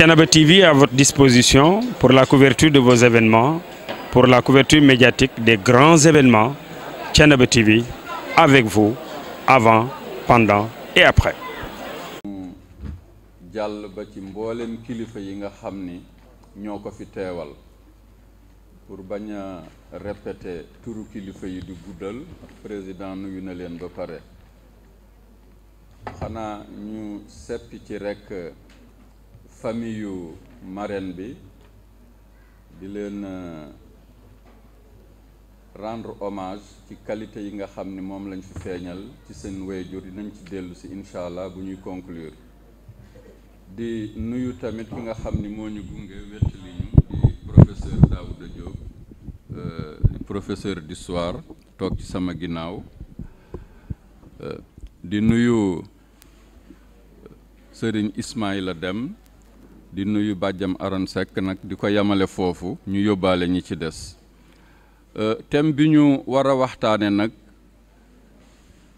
Thiénaba TV à votre disposition pour la couverture de vos événements, pour la couverture médiatique des grands événements. Thiénaba TV avec vous avant, pendant et après. jàll ba ci mboolem kilifa yi nga xam ni ñoo ko fi teewal pour bañ a répéter turu kilifa yi di guddal président nuyu na leen ba pare xanaa ñu seppi ci rekk famille yu marraine bi di leen euh, rendre hommage ci qualité yi nga xam ni moom lañ fi feeñal ci seen yi dinañ ci dellu si incha allah bu ñuy conclure di nuyu tamit ki nga xam ni moo ñu gunge wettali ñu di professeur Daouda Diop di euh, professeur d'histoire toog ci sama ginnaaw euh, di nuyu Serigne Ismaïla Dem di nuyu bàjjam aran sekk nag di ko yemale foofu ñu yóbbaale ñi ci des euh, thème bi ñu war a waxtaane nag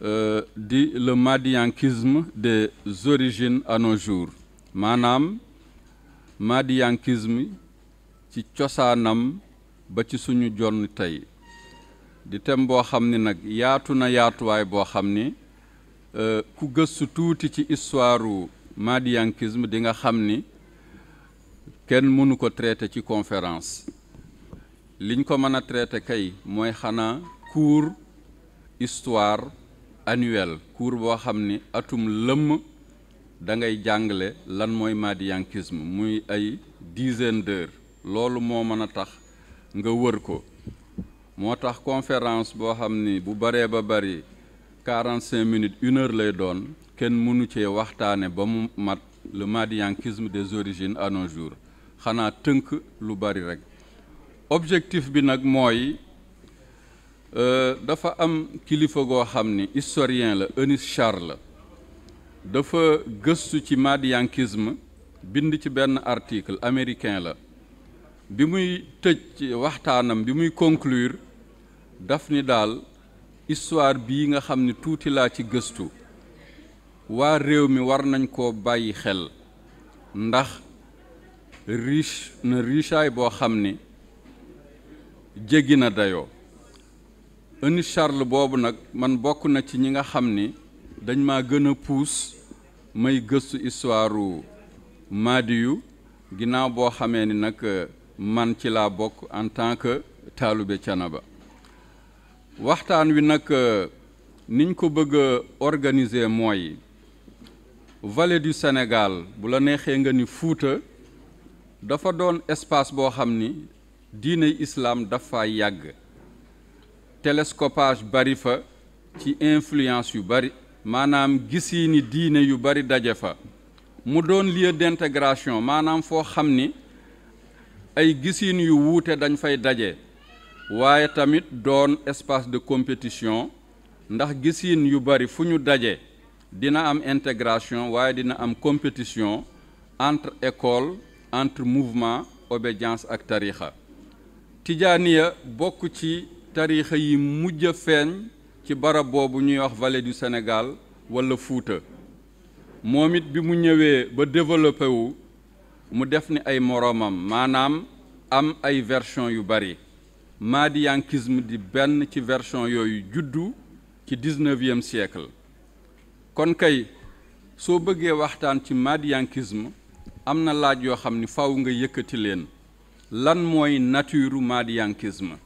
euh, di le madiankisme de origines à nos jours maanaam madiankisme ci cosaanam ba ci suñu jonn tey di thème boo xam ni nag yaatu na yaatuwaay boo xam ni euh, ku gëstu tuuti ci histoire u di nga xam ni kenn mënu ko traité ci conférence liñ ko mën a traité kay mooy xanaa cours histoire annuelle cours boo xam ni atum lëmm da ngay jàngale lan mooy maadiyankisme muy ay dizaine deur loolu moo mën a tax nga wër ko moo tax conférence boo xam ni bu baree ba bari quarante cinq minutes une lay doon kenn mënu cee waxtaane ba mu mat le maadiyankisme des origines à nos xanaa tënk lu bari rek objectif bi nag mooy euh, dafa am kilifa goo xam ni istorien la Ernest Charles dafa gëstu ci madiankisme bind ci benn article américain la bi muy tëj ci waxtaanam bi muy conclure daf ni daal histoire bii nga xam ni tuuti laa ci gëstu waa réew mi war nañ koo bàyyi xel ndax riche boo xam ni jéggi na dayoo Eny Charles boobu nag man bokk na ci ñi nga xam ni dañ ma gën a puus may gëstu histoire u Maadiyu ginnaaw boo xamee ni nag euh, man ci laa bokk en tant que taalibe ba waxtaan wi nag euh, niñ ko bëgg a organiser mooy vallée du senegal bu la neexee nga ni Fuuta dafa doon espace boo xam ni diiney islaam dafa yàgg télescopage bari fa ci influence yu bari maanaam gisi ni diine yu bari daje fa mu doon lieu d'intégration maanaam foo xam ni ay gisiin yu wuute dañ fay daje waaye tamit doon espace de compétition ndax gisiin yu bari fu ñu daje dina am intégration waaye dina am compétition entre école entre mouvement obédience ak tarixa tijaaniya bokk ci tarixa yi mujj a feeñ ci barab boobu ñuy wax vallée du Sénégal wala Fuuta moom it bi mu ñëwee ba développé wu mu def ni ay moroomam maanaam am ay version yu bari maadiyankisme di benn ci version yooyu juddu ci dix-neuvième siècle kon kay soo bëggee waxtaan ci maadiyankisme am na laaj yoo xam ni faw nga yëkkati leen lan mooy nature madiankisme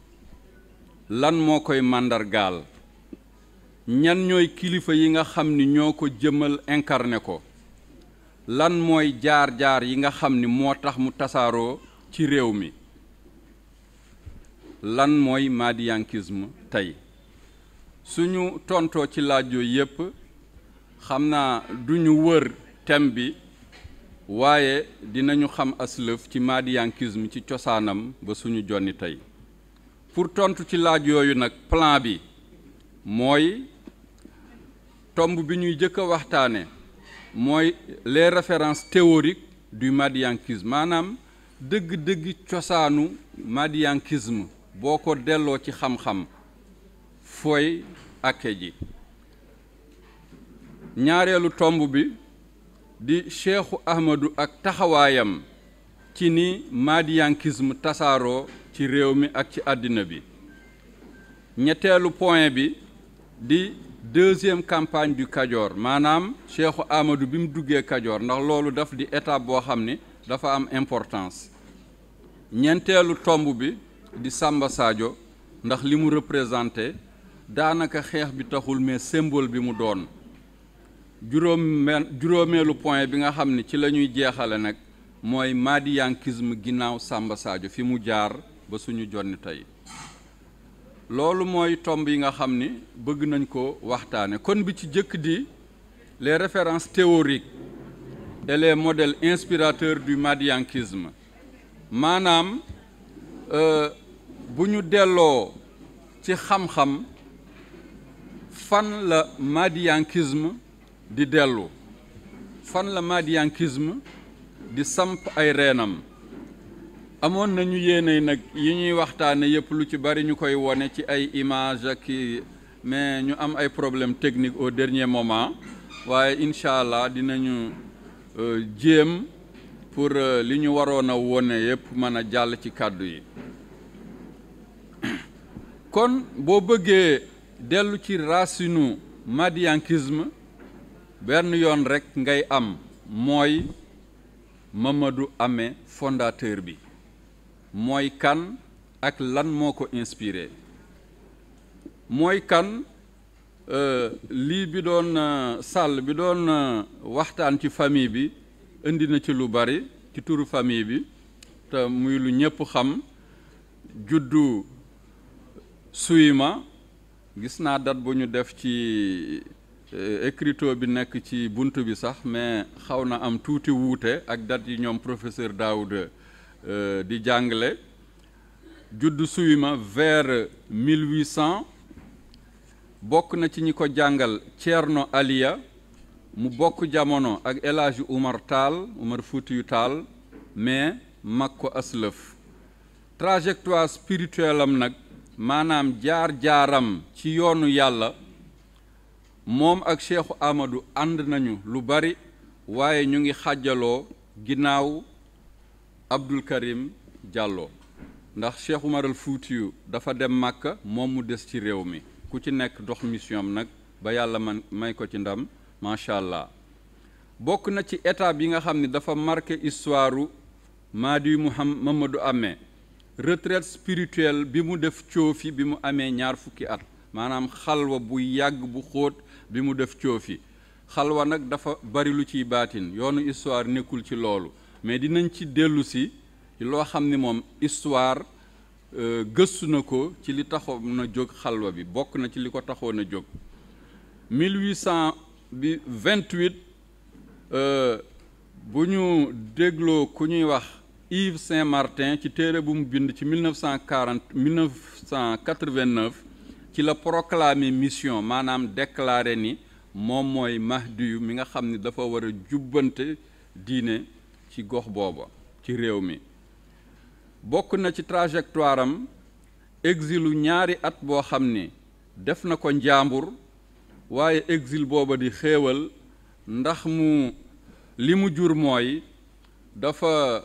lan moo koy màndargaal ñan ñooy kilifa yi nga xam ni ñoo ko jëmal incarné ko lan mooy jaar-jaar yi nga xam ni moo tax mu tasaaroo ci réew mi lan mooy madiankisme tey suñu tontoo ci laaj yooyu yépp xam naa duñu wër thème bi waaye dinañu xam aslëf ci maadiyankisme ci cosaanam ba suñu jonni tey pour tontu ci laaj yooyu nag plan bi mooy tomb bi ñuy jëkk a waxtaane mooy les références théoriques du maadiyankisme maanaam dëgg-dëgg cosaanu maadiyankisme boo ko delloo ci xam-xam fooy akke ji ñaareelu tomb bi di cheikhu ahmadu ak taxawaayam ci ni maadiyankisme tasaaroo ci réew mi ak ci àddina bi ñetteelu point bi di deuxième campagne du Kajoor maanaam cheikhu ahmadu bi mu duggee Kajoor ndax loolu daf di étape boo xam ni dafa am importance ñeenteelu tomb bi di Samba Sadio ndax li mu représenté daanaka xeex bi taxul mais symbole bi mu doon juróom juróomeelu point bi nga xam ne ci la ñuy jeexale nag mooy maadiyankisme ginnaaw sàmba Sadio fi mu jaar ba suñu jonni tey loolu mooy tomb yi nga xam ni bëgg nañ ko waxtaane kon bi ci jëkk di les références théoriques et les modèles inspirateurs du madiankisme maanaam euh, bu ñu delloo ci xam-xam fan la madiankisme di dellu fan la madiankisme di samp ay reenam amoon nañu yéene nag yi ñuy waxtaane yëpp lu ci bari ñu koy wone ci ay image ak mais ñu am ay problème technique au dernier moment waaye incha allah dinañu euh, jéem pour euh, li ñu waroon a wone yëpp mën a jàll ci kàddu yi kon boo bëggee dellu ci racinu madiankisme benn yoon rekk ngay am mooy Mamadou ame fondateur bi mooy kan ak lan moo ko inspiré mooy kan euh, lii bi doon euh, sàll bi doon euh, waxtaan ci famille bi indi na ci lu bari ci turu famille bi te muy lu ñépp xam juddu suyma gis naa dat bu ñu def ci Euh, écriteau bi nekk ci bunt bi sax mais xaw na am tuuti wuute ak date yi ñoom professeur Daoud euh, di jàngale judd suyuma vers 1800 bokk na ci ñi ko jàngal Thierno Aliya mu bokk jamono ak El Hadji Umar Taal Umar Fuutiyu Taal mais mag ko aslëf trajectoire spirituelle am nag maanaam jaar-jaaram ci yoonu yàlla moom ak Cheikhu Amadou ànd nañu lu bari waaye ñu ngi xàjjaloo ginnaaw Abdul Karim jàlloo ndax Cheikh Umar al Fuutiyu dafa dem Màkka moom mu des ci réew mi ku ci nekk ndox mission nag ba yàlla man may ko ci ndam macha allah bokk na ci étape yi nga xam ni dafa marqué histoire Maadi Mamadou Amé retraite spirituelle bi mu def coofi bi mu amee ñaar fukki at maanaam xalwa bu yàgg bu xóot bi mu def coofi xalwa nag dafa bari lu ciy baatin yoonu histoire nekkul ci loolu mais dinañ ci dellu si loo xam ni moom histoire euh, gëstu na ko ci li taxoon na jóg xalwa bi bokk na ci li ko taxoon na jóg 1800 bi 28 bu ñu dégloo ku ñuy wax Yves Saint-Martin ci téere bu mu bind ci 1940 1989 kila la mission maanaam déclarer ni moom mooy mahdi mi nga xam ni dafa war a jubbante diine ci gox booba ci réew mi bokk na ci trajectoire am exilu ñaari at boo xam ni def na ko njaambur waaye exil booba di xéewal ndax mu li mu jur mooy dafa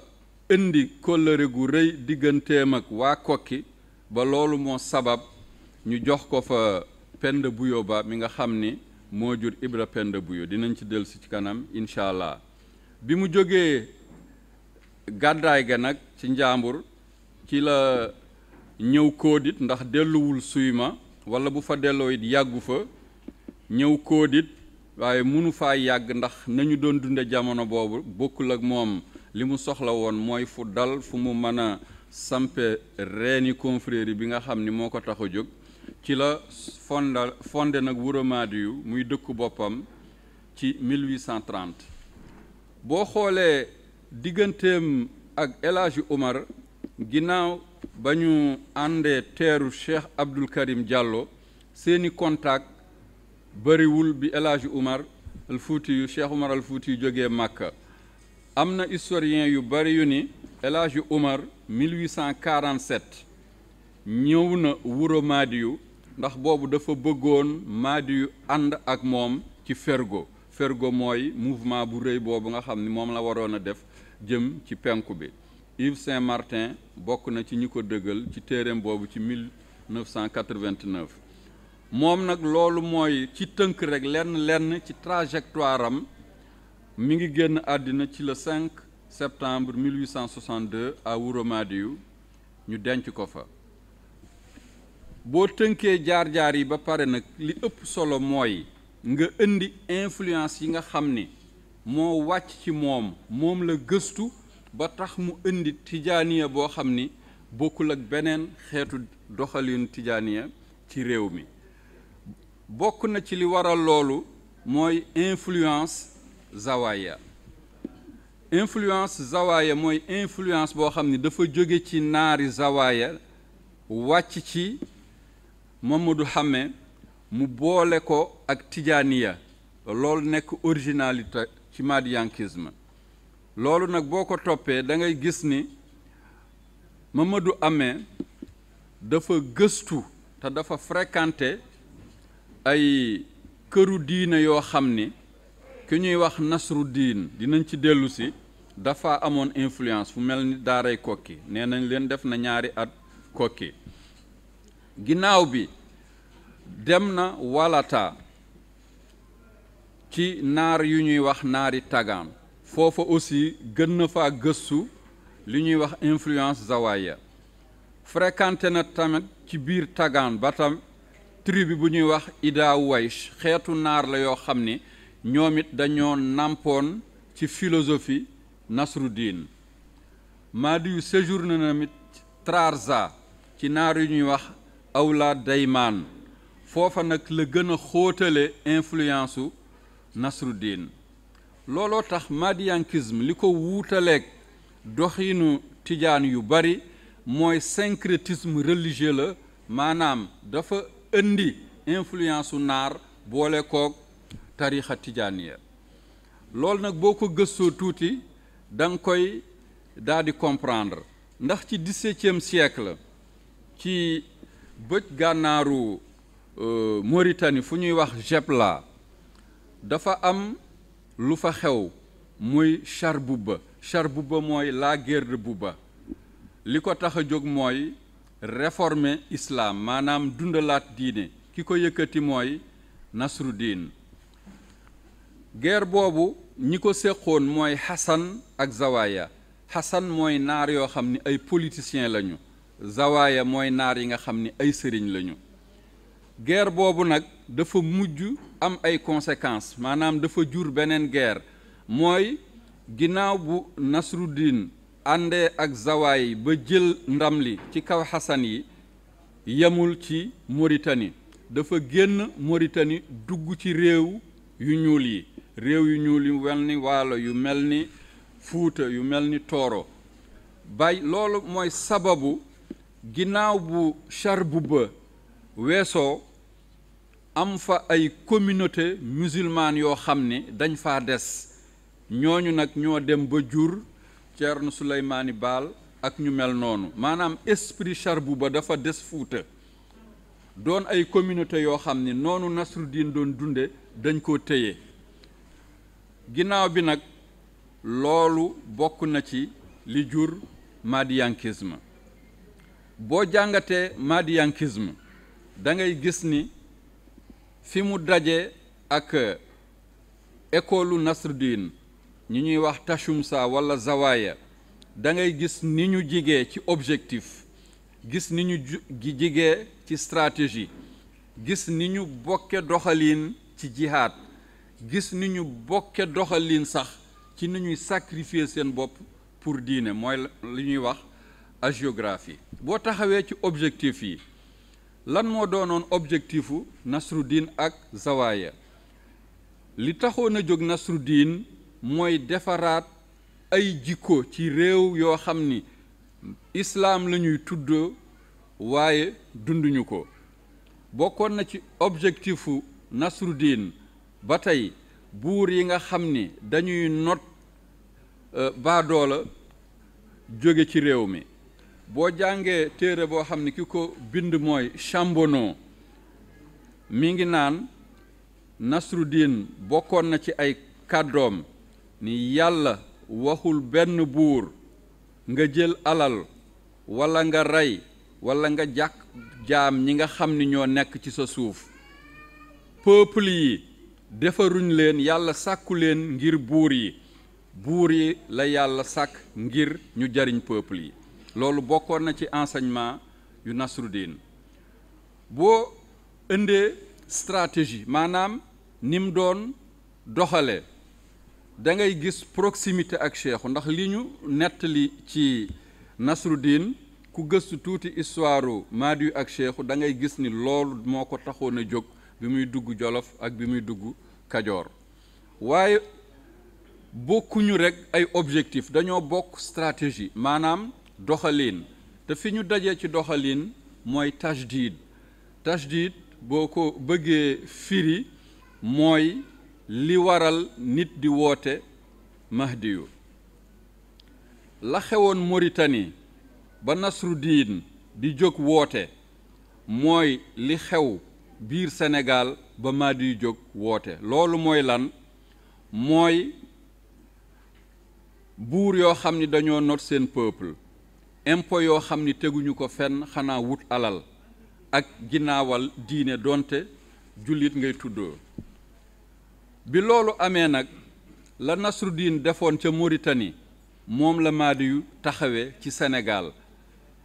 indi kóllëre gu rëy digganteem ak waa kokki ba loolu moo sabab ñu jox ko fa Penda Buyo ba mi nga xam ni moo jur Ibra Penda Buyo dinañ ci dellu si ci kanam incha allah bi mu jógee gàddaay ga nag ci njàmbur ci la ñëw koodit ndax delluwul suyma wala bu fa delloo it yàggu fa ñëw koodit waaye mënu faa yàgg ndax nañu doon dunde jamono boobu bokkul ak moom li mu soxla woon mooy fu dal fu mu mën a sampe reeni confrérie bi nga xam ni moo ko tax a jóg ci la fonde nag nag Wouromadio muy dëkku boppam ci 1830 boo xoolee digganteem ak El Hadji Omar ginnaaw ba ñu àndee teeru Cheikh Abdoul Karim Diallo seeni contact bëriwul bi El Hadji Omar al Fuuti yu Cheikh Omar al Fuuti yu jógee Màkka am na historien yu bëri yu ni El Hadji Omar 1847 ñëw na Wouromadio ndax boobu dafa bëggoon maadi yu ànd ak moom ci fergo fergo mooy mouvement bu rëy boobu nga xam ni moom la waroon a def jëm ci penku bi Yves Saint Martin bokk na ci ñu ko dëggal ci téereem boobu ci 1989 moom nag loolu mooy ci tënk rek lenn lenn ci trajectoire am mi ngi génn àddina ci le 5 septembre 1862 à Ouroumadiou ñu denc ko fa boo tënkee jaar-jaar yi ba pare nag li ëpp solo mooy nga indi influence yi nga xam ni moo wàcc ci moom moom la gëstu ba tax mu indi tijaaniya boo xam ni bokkul ak beneen xeetu doxalin tijaaniya ci réew mi bokk na ci li waral loolu mooy influence zawaya influence zawaya mooy influence boo xam ni dafa jóge ci naari zawaya wàcc ci Mamadou Xame mu boole ko ak ya loolu nekk originalité ci madiankisme loolu nag boo ko toppee da ngay gis ni Mamadou Amee dafa gëstu te dafa fréquenté ay këru diine yoo xam ni ki ñuy wax nasru diin dinañ ci dellusi dafa amoon influence fu mel ni daaray kokki nee nañ leen def na ñaari at kokki ginnaaw bi dem na walata ci naar yu ñuy wax naari tagaan foofa aussi gën na faa gëstu li ñuy wax influence zawaya frekante na tamit ci biir tagaan batam tam tribu bu ñuy wax Ida Waysh xeetu naar la yoo xam ni ñoom it dañoo nampoon ci filosofi Nasruddin Mahdi yu séjourné na mit Trarza ci naar yu ñuy wax awla daymaan foofa nag la gën a xóotale influence u Nasruddin looloo tax madiankisme li ko wuutaleeg doxiinu tijaan yu bari mooy syncrétisme religieux la maanaam dafa indi influence u naar boole koog tarixa tijaaniya loolu nag boo ko gëstoo tuuti da nga koy daal di comprendre ndax ci dix-septième la ci bëj gànnaaru euh, moritani fu ñuy wax la dafa am lu fa xew muy char bubba char bubba mooy la guerre de bubba li ko tax a jóg mooy réformer islaam maanaam dundalaat diine ki ko yëkkati mooy Nasruddin guerre boobu ñi ko séqoon mooy Hassan ak Zawaya Hassan mooy naar yoo xam ni ay politiciens lañu zawaaya mooy naar yi nga xam ni ay sëriñ lañu guerre boobu nag dafa mujj am ay conséquences maanaam dafa jur beneen guerre mooy ginnaaw bu Nasruddin àndee ak zawaay ba jël ndam li ci kaw Xasan yi yamul ci Mauritanie dafa génn Mauritanie dugg ci réew yu ñuul yi réew yu ñuul yu mel ni waalo yu mel ni fuuta yu mel ni tooro bay loolu mooy sababu ginnaaw bu ba weesoo am fa ay communauté musulmane yoo xam ne dañ faa des ñooñu nag ñoo dem ba jur Ceerno Suleymaani Baal ak ñu mel noonu maanaam esprit ba dafa des Fuuta doon ay communauté yoo xam ne noonu Nasruddin doon dunde dañ koo téye ginnaaw bi nag loolu bokk na ci li jur madiankisme boo jàngatee madiankisme da ngay gis ni fi mu daje ak eh, école Nasruddin ñi ñuy wax Tashumsa wala Zawaya da ngay gis ni ñu jigee ci objectif gis ni ñu jigee ci stratégie gis ni ñu bokke doxalin ci jihaad gis ni ñu bokke doxalin sax ci ni ñuy sacrifier seen bopp pour diine mooy li ñuy wax agiographie boo taxawee ci objectif yi lan moo doonoon objectifu Nasruddin ak Zawaaya li taxoon na jóg Nasruddin mooy defaraat ay jikko ci réew yoo xam ni islaam la ñuy tuddoo waaye dunduñu ko bokkoon na ci objectifu Nasruddin ba tey buur yi nga xam ni dañuy not euh, baadoola jóge ci réew mi boo jàngee téere boo xam ne ki ko bind mooy Chambonnon mi ngi naan Nasruddin bokkoon na ci ay kàddoom ni yàlla waxul benn buur nga jël alal walla nga rey walla nga jàkk jaam ñi nga xam ni ñoo nekk ci sa suuf peuple yi defaruñ leen yàlla sàkku leen ngir buur yi buur yi la yàlla sàkk ngir ñu jariñ peuple yi loolu bokkoon na ci enseignement yu Nasruddin boo indee stratégie maanaam ni mu doon doxale da ngay gis proximité ak cheikhu ndax li ñu nettali ci Nasruddin ku gëstu tuuti histoire Maadi ak cheikhu da ngay gis ni loolu moo ko taxoon a jóg bi muy dugg Jolof ak bi muy dugg Kajoor waaye bokkuñu rekk ay objectif dañoo bokk stratégie maanaam doxaliin te fi ñu dajee ci doxaliin mooy tajdid tajdid boo ko bëggee firi mooy li waral nit di woote mahdiyu la xewoon Mauritanie ba Nasruddin di jóg woote mooy li xew biir Sénégal ba Mahdi jóg woote loolu mooy lan mooy buur yoo xam ni dañoo not seen peuple impôt yoo xam ni teguñu ko fenn xanaa wut alal ak ginnaawal diine donte jullit ngay tuddoo bi loolu amee nag la Nasruddin defoon ca Mauritanie moom la Maadiyu taxawe ci senegaal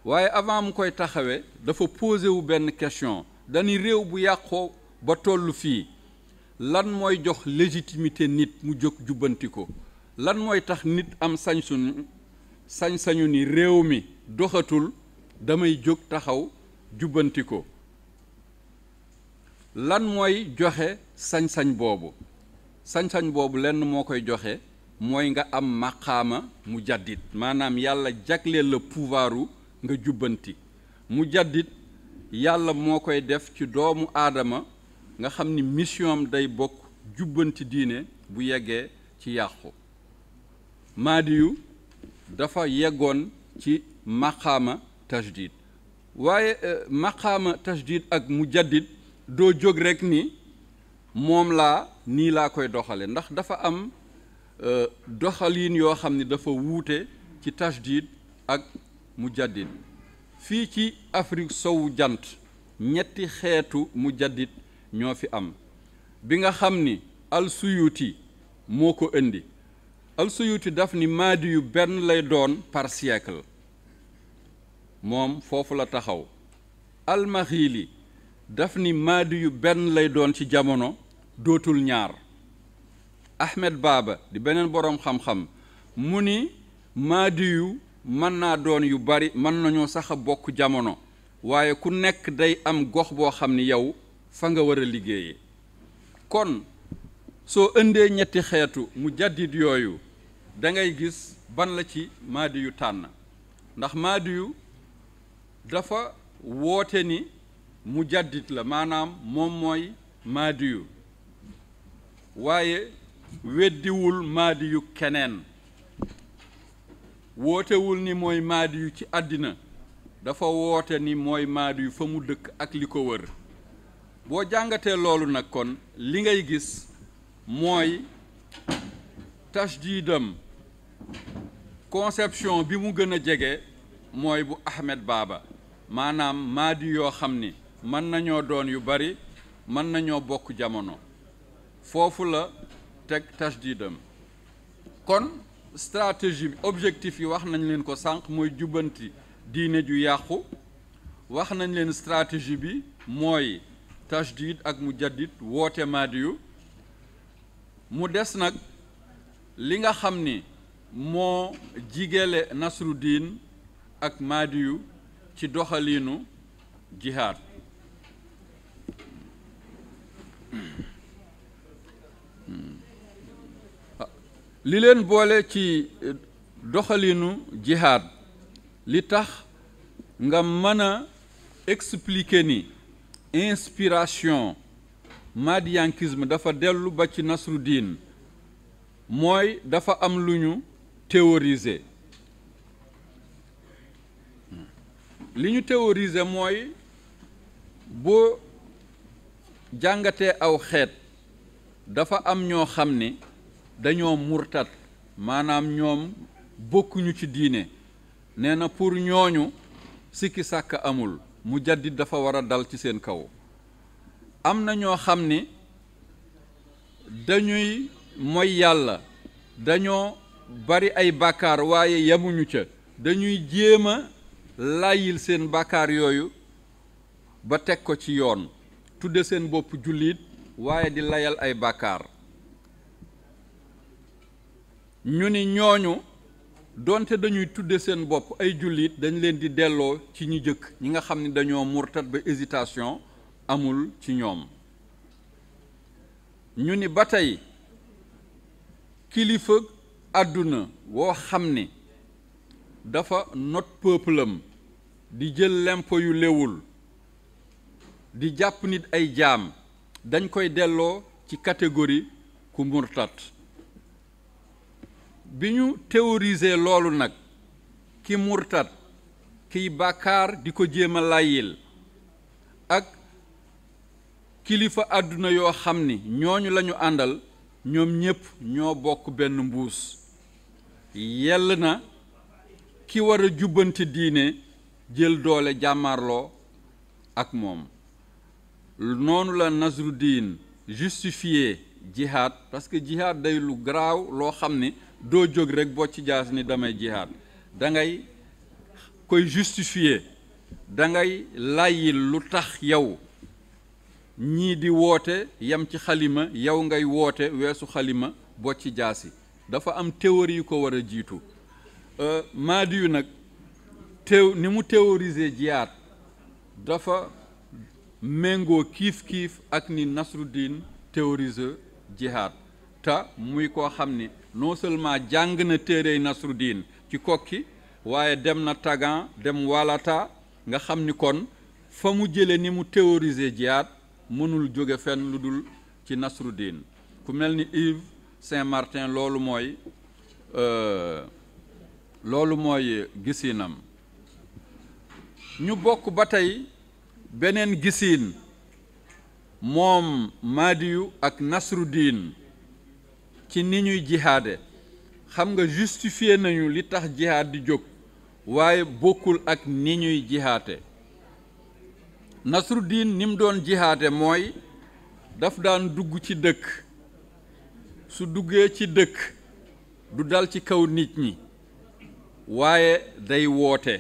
waaye avant mu koy taxawe dafa posé wu benn question dañuy réew bu yàqoo ba tollu fii lan mooy jox légitimité nit mu jóg jubbanti ko lan mooy tax nit am sañ sañ-sañu ni réew mi doxatul damay jóg taxaw jubbanti ko lan mooy joxe sañ-sañ boobu sañ-sañ boobu lenn moo koy joxe mooy nga am màqaama mu jaddit maanaam yàlla jagleel la pouvoiru nga jubbanti mu jàddit yàlla moo koy def ci doomu aadama nga xam ni mission day bokk jubbanti diine bu yeggee ci yàqu maadiyu dafa yeggoon ci maqaama tajdid waaye eh, maqaama tajdid ak mujaddid doo jóg rekk ni moom laa nii laa koy doxalee ndax dafa am eh, doxalin yoo xam ni dafa wuute ci tajdid ak mujaddid fii ci Afrique sowu jant ñetti xeetu mujaddid ñoo fi am bi nga xam ni al suyuti moo ko indi alsuyuti daf ni maadi yu benn lay doon par moom foofu la taxaw almaxiili daf ni maadi yu benn lay doon ci jamono dootul ñaar ahmed baaba di beneen boroom xam-xam mu ni maadi yu mën naa doon yu bari mën nañoo sax bokk jamono waaye ku nekk day am gox boo xam ni yow fa nga war a liggéeyee kon soo indee ñetti xeetu mu jaddit yooyu da ngay gis ban la ci maadi yu tànn ndax maadi yu dafa woote ni mu jàddit la maanaam moom mooy maadi yu waaye weddiwul maadi yu keneen wootewul ni mooy maadi yu ci àddina dafa woote ni mooy maadi yu fa mu dëkk ak li ko wër boo jàngatee loolu nag kon li ngay gis mooy tasdiidam conception bi mu gën a jege mooy bu Ahmed Baba maanaam maadi yoo xam ni mën nañoo doon yu bari mën nañoo bokk jamono foofu la teg tajdidam kon stratégie bi objectif yi wax nañ leen ko sànq mooy jubbanti diine ju yàqu wax nañ leen stratégie bi mooy tajdid ak mu mujaddid woote maadi yu mu des nag li nga xam ni moo jigéele Nasruddin ak Mahdiyu ci doxaliinu jihaad li leen boole ci doxaliinu jihaad li tax nga mën a expliquer ni inspiration mahdiyankisme dafa dellu ba ci Nasruddin mooy dafa am lu ñu théoriser li ñu théoriser mooy boo jàngatee aw xeet dafa am ñoo xam ni dañoo murtat maanaam ñoom bokkuñu ci diine nee na pour ñooñu sikki sàkk amul mu jaddit dafa war a dal ci seen kaw am na ñoo xam ni dañuy moy yàlla dañoo bari ay bàkkaar waaye yemuñu ca dañuy jéem a layil seen bàkkaar yooyu ba teg ko ci yoon tudde seen bopp jullit waaye di layal ay bàkkaar ñu ni ñooñu donte dañuy tudde seen bopp ay jullit dañ leen di delloo ci ñi jëkk ñi nga xam ne dañoo murtat ba hésitation amul ci ñoom ñu ni ba tey kilifa àdduna woo xam ne dafa not di jël lempo yu lewul di jàpp nit ay jaam dañ koy delloo ci catégorie ku murtat bi ñu théoriser loolu nag ki murtat kiy bàkkaar di ko jéem a layyil ak kilifa àdduna yoo xam ni ñooñu lañu àndal ñoom ñépp ñoo bokk benn mbuus yell na ki war a jubbanti diine jël doole jàmmarloo ak moom noonu la Nasruddin justifié jihad parce que jihad day lu garaaw loo xam ni doo jóg rek bocc jaas ni damay jihad dangay koy justifié da ngay layyil lu tax yow ñii di woote yam ci xalima yow ngay woote weesu xalima bocc jaasi dafa am théorie yu ko war a jiitu euh, maadi yu nag téw ni mu théoriser jiyaat dafa méngoo kiif-kiif ak ni Nasruddin théoriser jihaad ta muy koo xam ni non seulement jàng na téere Nasruddin ci kokki waaye dem na Tagan dem Walata nga xam ni kon fa mu jële ni mu théoriser jihaad mënul jóge fenn lu dul ci Nasruddin ku mel ni Yves Saint-Martin loolu mooy euh, loolu mooy gisinam ñu bokk ba tey beneen gisiin moom Maadiyu ak Nasruddin ci ni ñuy jihaade xam nga justifié nañu li tax jihaad di jóg waaye bokkul ak ni ñuy jihaate Nasruddin ni mu doon jihaate mooy daf daan dugg ci dëkk su duggee ci dëkk du dal ci kaw nit ñi waaye day woote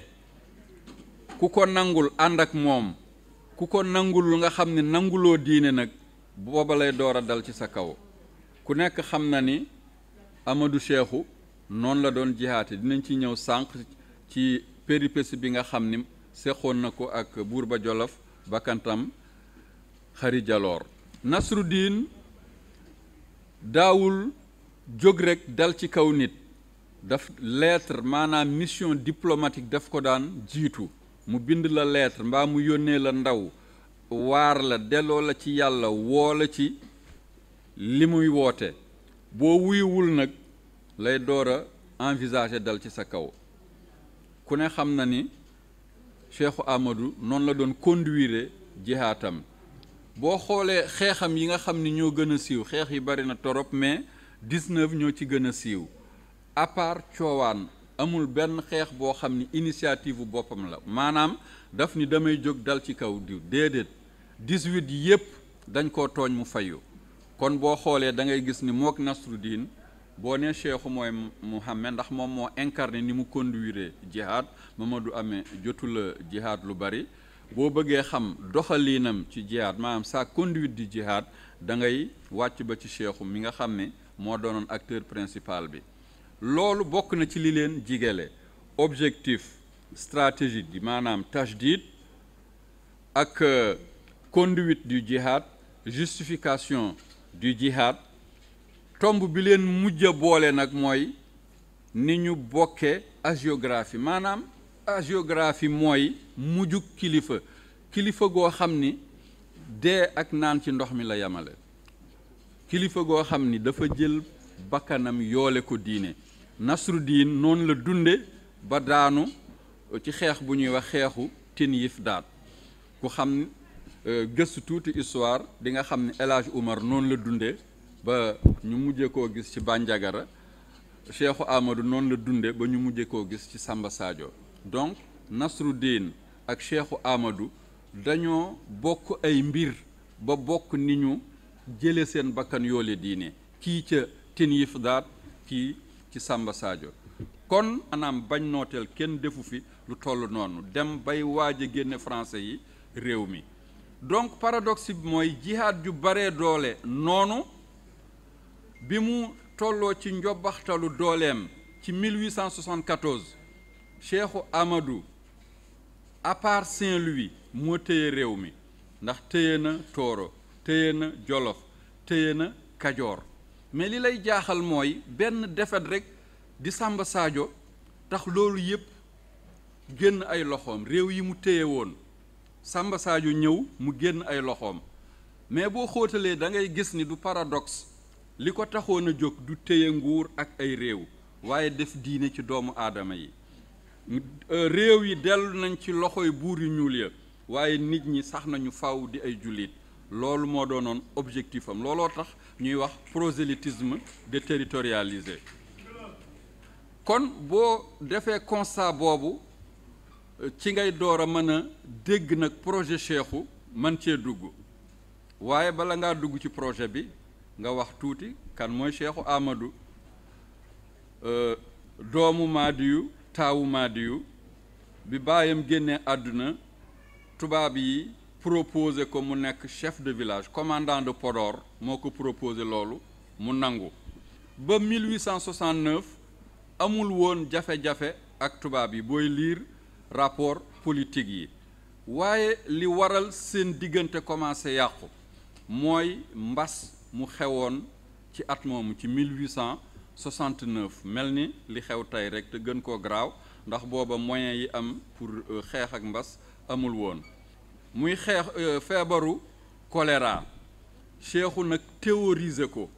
ku ko nangul ànd ak moom ku ko nangul nga xam ne nanguloo diine nag booba lay door a dal ci sa kaw ku nekk xam na ni Amadou Cheikhou noonu la doon jihaate dinañ ci ñëw sànq ci péripétie bi nga xam ni seqoon na ko ak buur ba Jolof Bakantam xari jaloor daawul jóg rekk dal ci kaw nit daf lettre maanaam mission diplomatique daf ko daan jiitu mu bind la lettre mbaa mu yónnee la ndaw waar la delloo la ci yàlla woo la ci li muy woote boo wuyuwul nag lay door a envisager dal ci sa kaw ku ne xam na ni Cheikhu Amadou noonu la doon conduire jihaatam boo xoolee xeexam yi nga xam ni ñoo gën a siiw xeex yi bari na torop mais 19 ñoo ci gën a siiw à part coowaan amul benn xeex boo xam ni initiative bu boppam la maanaam daf ni damay jóg dal ci kaw diw déedéet 18 yépp dañ ko tooñ mu fayu kon boo xoolee da ngay gis ni mook Nasruddin boo nee cheikhu mooy Muhammad ndax moom moo incarné ni mu conduire jihad Mamadou Amé jotul jihaad lu bari boo bëggee xam doxaliinam ci jihaad maam saa conduite du jihaad da ngay wàcc ba ci cheikhu mi nga xam ne moo doonoon acteur principal bi loolu bokk na ci li leen jigale objectif stratégique bi maanaam tajdid ak euh, conduite du jihad justification du jihad tomb bi leen mujj a boole nag mooy ni ñu bokkee agiographie maanaam agiographie mooy mujjug kilifa kilifa goo xam ni dee ak naan ci ndox mi la yamale kilifa goo xam ni dafa jël bakkanam yoole ko diine nasru diin noonu la dunde ba daanu euh, ci xeex bu ñuy wax xeexu tin yif daat ku xam euh, gëstu tuuti histoire di nga xam ne El Umar noonu la dundee ba ñu mujje koo gis ci Bandiagara Cheikhu Amadou noonu la dundee ba ñu mujje koo gis ci Samba Sadio donc Nasruddin ak Cheikhu Amadou dañoo bokk ay mbir ba bokk ni ñu jële seen bakkan yoole diine kii ca Tinif daat kii ci Samba Sadio kon anaam bañ nooteel kenn defu fi lu toll noonu dem bay waaj a génne français yi réew mi donc paradoxe mooy jihaad ju baree doole noonu bi mu tolloo ci njobaxtalu dooleem ci 1874 Cheikhou amadu à Saint-Louis moo téye réew mi ndax téye na Tooro téye na Jolof téye na Kajoor mais li lay jaaxal mooy benn defet rekk di Samba saajo tax loolu yépp génn ay loxoom réew yi mu téye woon Samba Sadio ñëw mu génn ay loxoom mais boo xóotalee da ngay gis ni du paradox li ko taxoon a jóg du téye nguur ak ay réew waaye def diine ci doomu aadama yi réew yi dellu nañ ci loxoy buur yu ñuul ya waaye nit ñi sax nañu faw di ay jullit loolu moo doonoon objectif am looloo tax ñuy wax de déterritorialisé kon boo defee constat boobu ci ngay door a mën a dégg nag projet Cheikhou man cee dugg waaye bala ngaa dugg ci projet bi nga wax tuuti kan mooy Cheikhou Amadou euh, doomu Maadiyu taawu Maadiyu bi baayam génnee àdduna tubaab yi proposé ko mu nekk chef de village commandant de Podor moo ko proposé loolu mu nangu ba 1869 amul woon jafe-jafe ak tubaab yi booy liir rapport politique yi waaye li waral seen diggante commencé yàqu mooy mbas mu xewoon ci at moomu ci 1800 69 mel ni li xew tey rek te gën koo garaaw ndax booba moyen yi am pour euh, xeex ak mbas amul woon muy xeex euh, feebaru choléra Cheikhu nag théoriser ko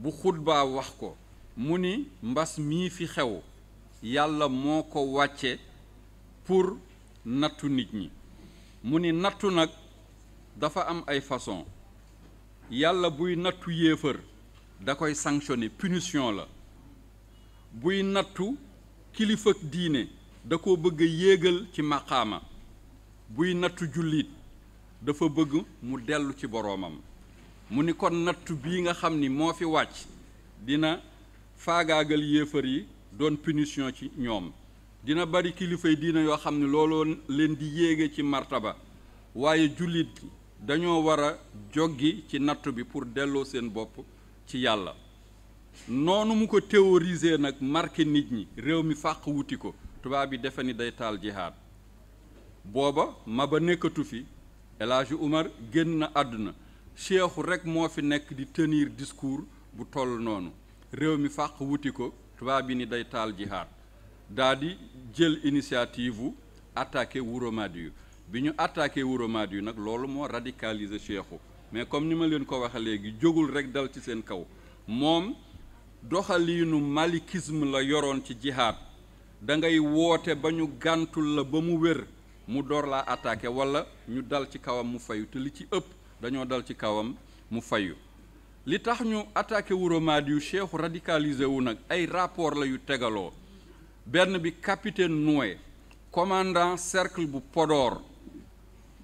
bu xutbaa wax ko mu ni mbas mii fi xew yàlla moo ko wàcce pour nattu nit ñi mu ni nattu nag dafa am ay façon yàlla buy nattu yéefar da koy sanctionner punition la buy nattu kilifa diine da ko bëgg a yéegal ci maqaama buy nattu jullit dafa bëgg mu dellu ci boroomam mu ni kon nattu bi nga xam ni moo fi wàcc dina faagaagal yéefar yi doon punition ci ñoom dina bari kilifay diine yoo xam ne looloo leen di yéege ci ba waaye jullit dañoo war a joggi ci nattu bi pour delloo seen bopp ci yàlla noonu mu ko théoriser nag marqué nit ñi réew mi fàq wuti ko tubaab bi defe ni day taal jihaad booba Maba nekkatu fi El Hadji Umar génn na àdduna Cheikhu rek moo fi nekk di tenir discours bu toll noonu réew mi fàq wuti ko tubaab bi ni day taal jihaad daa di jël initiative wu attaqué Wuro Madiyu bi ñu attaqué Wuro Madiyu nag loolu moo radicaliser Cheikhu mais comme ni ma leen ko waxee léegi jógul rek dal ci seen kaw moom doxaliinu malikisme la yoroon ci jihaad da ngay woote ba ñu gàntul la ba mu wér mu door laa attaqué wala ñu dal ci kawam mu fayu te li ci ëpp dañoo dal ci kawam mu fayu li tax ñu attaqué wu Romadi yu cheikhu radicalisé wu nag ay rapport la yu tegaloo benn bi capitaine Noué commandant cercle bu podoor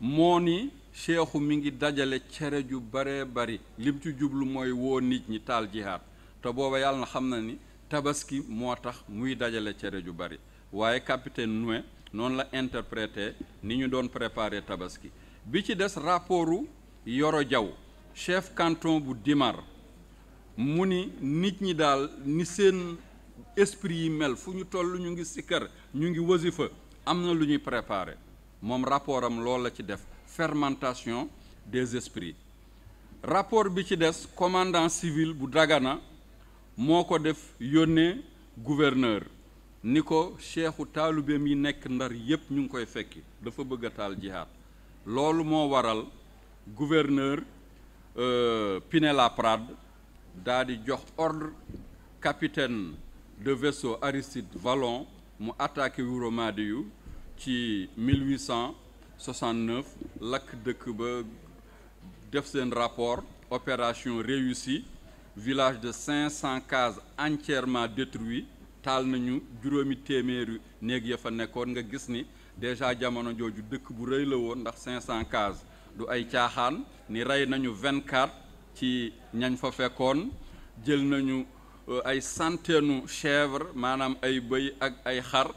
moo ni cheikhu mi ngi dajale cere ju bare bari lim ci jublu mooy woo nit ñi taal jihaad te booba yàlla xam na ni tabaski moo tax muy dajale cere ju bari waaye capitaine Noué noonu la interprété ni ñu doon préparé tabaski bi ci des rapportu Yoro Diaw chef canton bu Dimar mu ni nit ñi daal ni seen esprit yi mel fu ñu toll ñu ngi sikkar ñu ngi wasifa am na lu ñuy préparé moom rapport am loolu la ci def fermentation des esprits rapport bi ci des commandant civil bu Dagana moo ko def yónnee gouverneur ni ko cheikhu taalibeem yi nekk ndar yépp ñu ngi koy fekki dafa bëgg a taal jihaad loolu moo waral gouverneur euh, pine la laprade dal di jox ordre capitaine de vaisseau Aristide Vallon mu attaqué Wuro yu ci 1800 69 lakk dëkk ba def seen rapport opération réussi village de 500 cases entièrement détruit taal nañu juróomi téeméeri néeg ya fa nekkoon nga gis ni déjà jamono jooju dëkk bu rëy la woon ndax 500 cases du ay caaxaan ni rey nañu vingt 24 ci ñañ fa fekkoon jël nañu euh, ay centaine chèvre maanaam ay bëy ak ay xar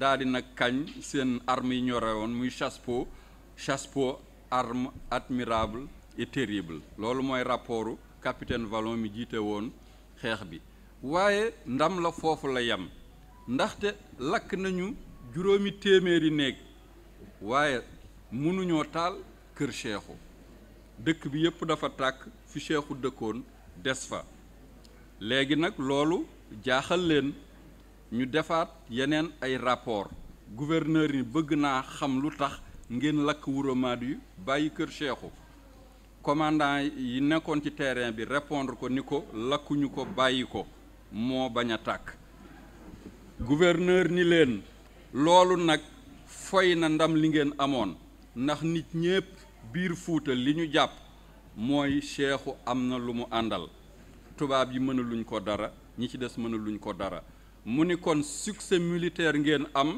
daal di nag kañ seen armes yi ñore muy chassepot chassepot arme admirable et terrible loolu mooy rapportu capitaine Vallon mi jiite woon xeex bi waaye ndam la foofu la yem ndaxte lakk nañu juróomi téeméeri néeg waaye mënuñoo taal kër Cheikhou dëkk bi yépp dafa tàkk fi Cheikhou dëkkoon des fa léegi nag loolu jaaxal leen ñu defaat yeneen ay rapport gouverneur yi bëgg naa xam lu tax ngeen lakk Wouromadio bàyyi kër Cheikhou commandant yi nekkoon ci terrain bi répondre ko ni ko lakkuñu ko bàyyi ko moo bañ a tàkk gouverneur ni leen loolu nag foy na ndam li ngeen amoon ndax nit ñépp biir fuuta li ñu jàpp mooy Cheikhou am na lu mu àndal tubaab yi mëna mënaluñ ko dara ñi ci des mëna mënaluñ ko dara mu ni kon succès militaire ngeen am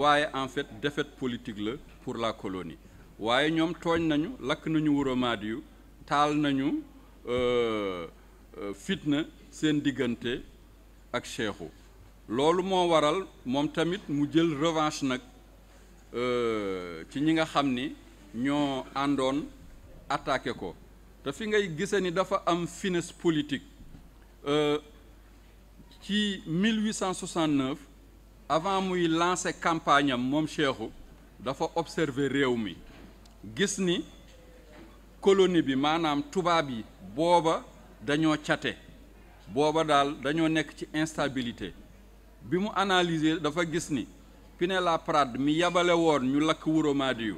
waaye en fait défaite politique la pour la colonie waaye ñoom tooñ nañu lakk nañu wuramaat yu taal nañu euh, euh, fitna seen diggante ak Cheikhou loolu moo waral moom tamit mu jël revanche nag euh, ci ñi nga xam ni ñoo àndoon attaqué ko te fi ngay gise ni dafa am finesse politique ci 1869 avant muy lancer campagne am moom Cheikhou dafa observer réew mi gis ni colonie bi maanaam tubaab yi booba dañoo cate booba daal dañoo nekk ci instabilité bi mu analyser dafa gis ni Pinet-Laprade mi yabale woon ñu lakk wuro Wuromadiyu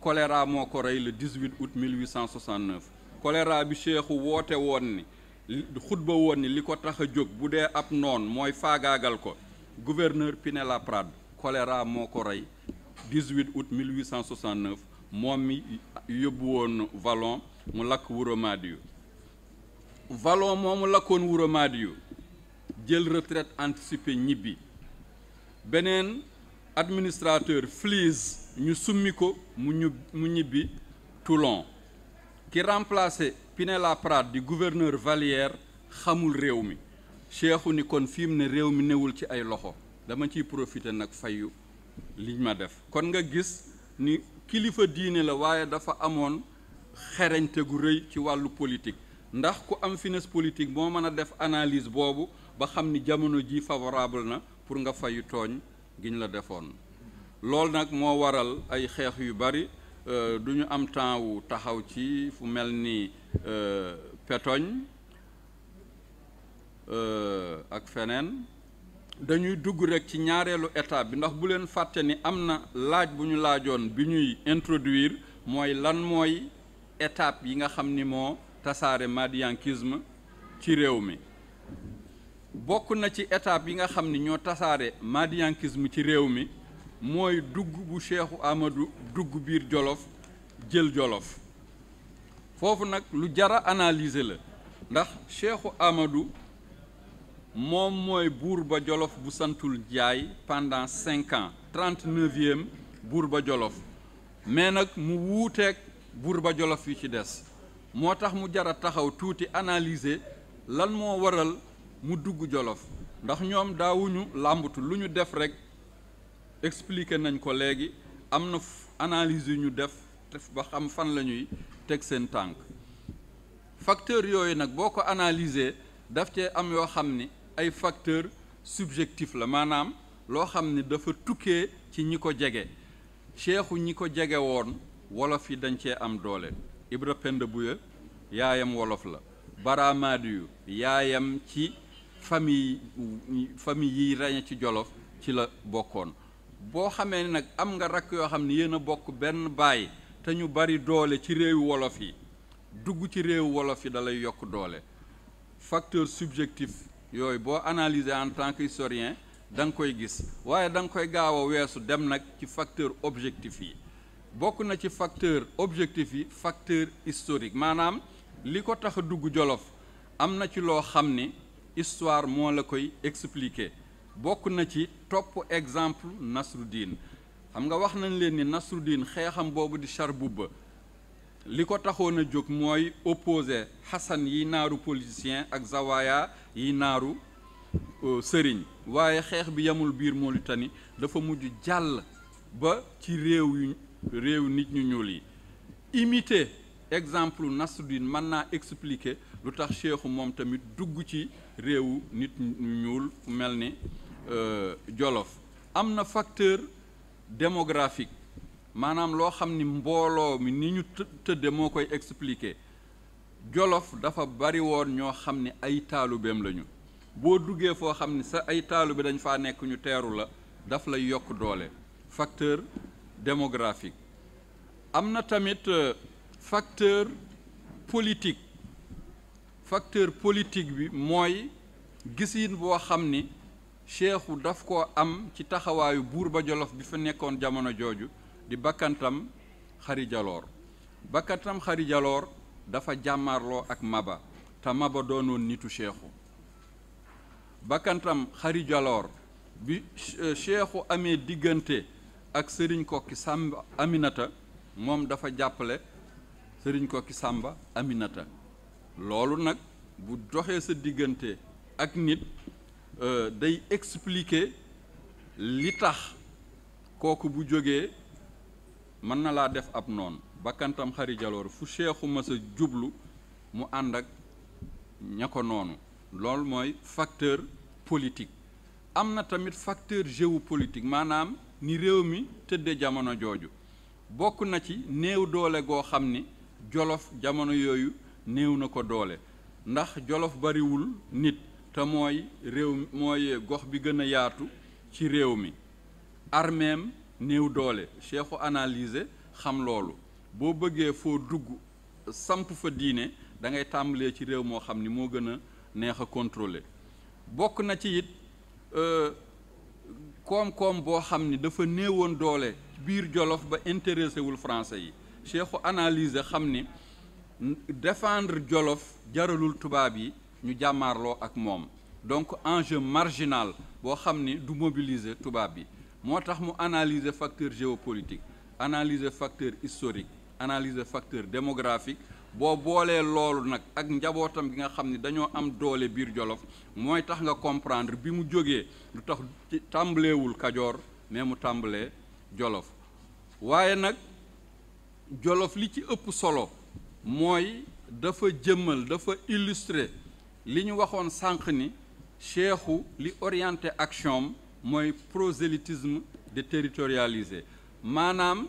choléra moo ko rey le 18 août 1869 choléra bi Cheikhou woote woon ni xutba woon ni li ko tax a jóg bu dee ab noon mooy faagaagal ko gouverneur la laprade choléra moo ko rey 18 août 1869 moom mi yóbbu woon Vallon mu lakk Wuro Madiou Vallon moomu lakkoon Wuro Madiou jël retraite anticipée ñibbi beneen administrateur Flies ñu summi ko mu ñu mu ñibbi Toulon ki remplacé pine la Prade di gouverneur Valière xamul réew mi Cheikhou ni kon fi mu ne réew mi newul ci ay loxo dama ciy profiter nag fayu liñ ma def kon nga gis ni kilifa diine la waaye dafa amoon xereñte gu rëy ci wàllu politique ndax ku am finesse politique moo mën a def analyse boobu ba xam ni jamono ji favorable na pour nga fayu tooñ giñ la defoon loolu nag moo waral ay xeex yu bari euh, du ñu am temps wu taxaw ci fu mel ni Euh, Pétogne euh, ak feneen dañuy dugg rekk ci ñaareelu état bi ndax bu leen fàtte ni am na laaj bu ñu laajoon bi ñuy introduire mooy lan mooy étape yi nga xam ni moo tasaare madiankisme ci réew mi bokk na ci étape yi nga xam ni ñoo tasaare madiankisme ci réew mi mooy dugg bu Cheikhu Amadou dugg biir Jolof jël Jolof foofu nag lu jara analyser la ndax Cheikhu amadu moom mooy buur ba Jolof bu santul Njaay pendant cinq ans trente-neuvième buur ba Jolof mais nag mu wuuteek buur ba Jolof yi ci des moo tax mu jara taxaw tuuti analyser lan moo waral mu dugg Jolof ndax ñoom daawuñu làmbatu lu ñu def rek expliquer nañ ko léegi am na analyse yu ñu def ba xam fan la ñuy teg seen tànk facteurs yooyu nag boo ko analyser daf cee am yoo xam ni ay facteurs subjectif la maanaam loo xam ni dafa tukkee ci ñi ko jege ceexu ñi ko jege woon wolof yi dañ cee am doole Ibra Penda Buya yaayam wolof la Baraamaadiyu yaayam ci famille famille yiy rañe ci Jolof ci la bokkoon boo xamee nag am nga rakk yoo xam ne yéen a bokk benn baay te ñu bari doole ci réewu wolof yi dugg ci réewu wolof yi dalay yokk doole facteur subjectif yooyu boo analyser en tant que historien da nga koy gis waaye danga koy gaaw a weesu dem nag ci facteur objectif yi bokk na ci facteur objectif yi facteur istorique maanaam li ko tax dugg Jolof am na ci loo xam ni histoire moo la koy expliquer bokk na ci topp exemple Nasruddin xam nga wax nañ leen ni Nasruddin xeexam boobu di Charbouba li ko taxoon a jóg mooy opposé Xasan yi naaru politicien ak Zawaya yi naaru euh, sëriñ waaye xeex bi yamul biir moo Mauritanie dafa mujj jàll ba ci réew yu réew nit ñu ñuul yi imité exemple Nasruddin mën naa expliquer lu tax Cheikhu moom tamit dugg ci réew nit ñu ñuul mel ni euh, Jolof am na facteur démographique maanaam loo xam ni mbooloo mi ni ñu tëdde moo koy expliquer jolof dafa bari woon ñoo xam ni ay taalubeem lañu boo duggee foo xam ni sa ay taalube dañ faa nekkuñu teeru la daf lay yokk doole facteur démographique am na tamit euh, facteur politique facteur politique bi mooy gisin boo xam ni cheikhu daf ko am ci taxawaayu buur ba jolof bi fa nekkoon jamono jooju di bakkantam xari jaloor bakkantam dafa jàmmaarloo ak maba te maba doonoon nitu cheikhu bakkantam xarijaloor bi cheikhu amee diggante ak sëriñ kokki sàmba aminata moom dafa jàppale sëriñ kokki sàmba aminata loolu nag bu doxee sa diggante ak nit Euh, day expliquer li tax kooku bu jógee mën na laa def ab noonu bakkantam xari jaloor fu seexu masa jublu mu ànd ak ña ko noonu loolu mooy facteur politique am na tamit facteur géopolitique maanaam ni réew mi tëdde jamono jooju bokk na ci néew doole goo xam ni jolof jamono yooyu néew na ko doole ndax jolof bariwul nit te mooy réew mooy gox bi gën a yaatu ci réew mi armeem néew doole cheikhu analyser xam loolu boo bëggee foo dugg samp fa diine da ngay tàmbalee ci réew moo xam ni moo gën a neex a contrôler bokk na ci it euh, koom-koom boo xam ni dafa néewoon doole biir jolof ba intéressé wul français yi cheikhu analyser xam ni défendre jolof jaralul tubaab yi ñu jàmmaarloo ak moom donc enjeu marginal boo xam ni du mobiliser tubaab bi moo tax mu analyser facteur géopolitique analyser facteur historique analyser facteur démographique boo boolee loolu nag ak njabootam bi nga xam ni dañoo am doole biir Jolof mooy tax nga comprendre bi mu jógee lu tax tàmbalewul Kajoor mais mu tàmbalee Jolof waaye nag Jolof li ci ëpp solo mooy dafa jëmmal dafa illustrer li ñu waxoon sànq ni cheikhu li orienté action am mooy de déterritorialisé maanaam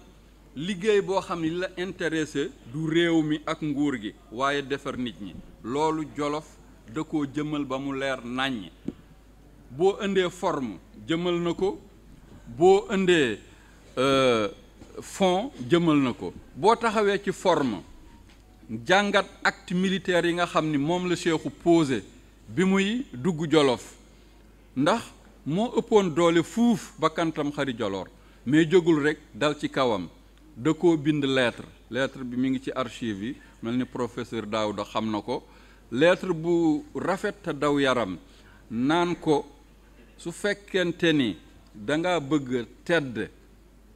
liggéey boo xam ne li la intéressé du réew mi ak nguur gi waaye defar nit ñi loolu jolof da koo jëmal ba mu leer nàññi boo indee forme jëmal na ko boo indee euh, fond jëmal na ko boo taxawee ci forme jàngat acte militaire yi nga xam ni moom la Cheikhou posé bi muy dugg Jolof ndax moo ëppoon doole fuuf ba kantam joloor mais jógul rek dal ci kawam da ko bind lettre lettre bi mu ngi ci archive yi mel ni professeur Daouda xam na ko lettre bu rafet te daw yaram naan ko su fekkente ni danga bëgg tedd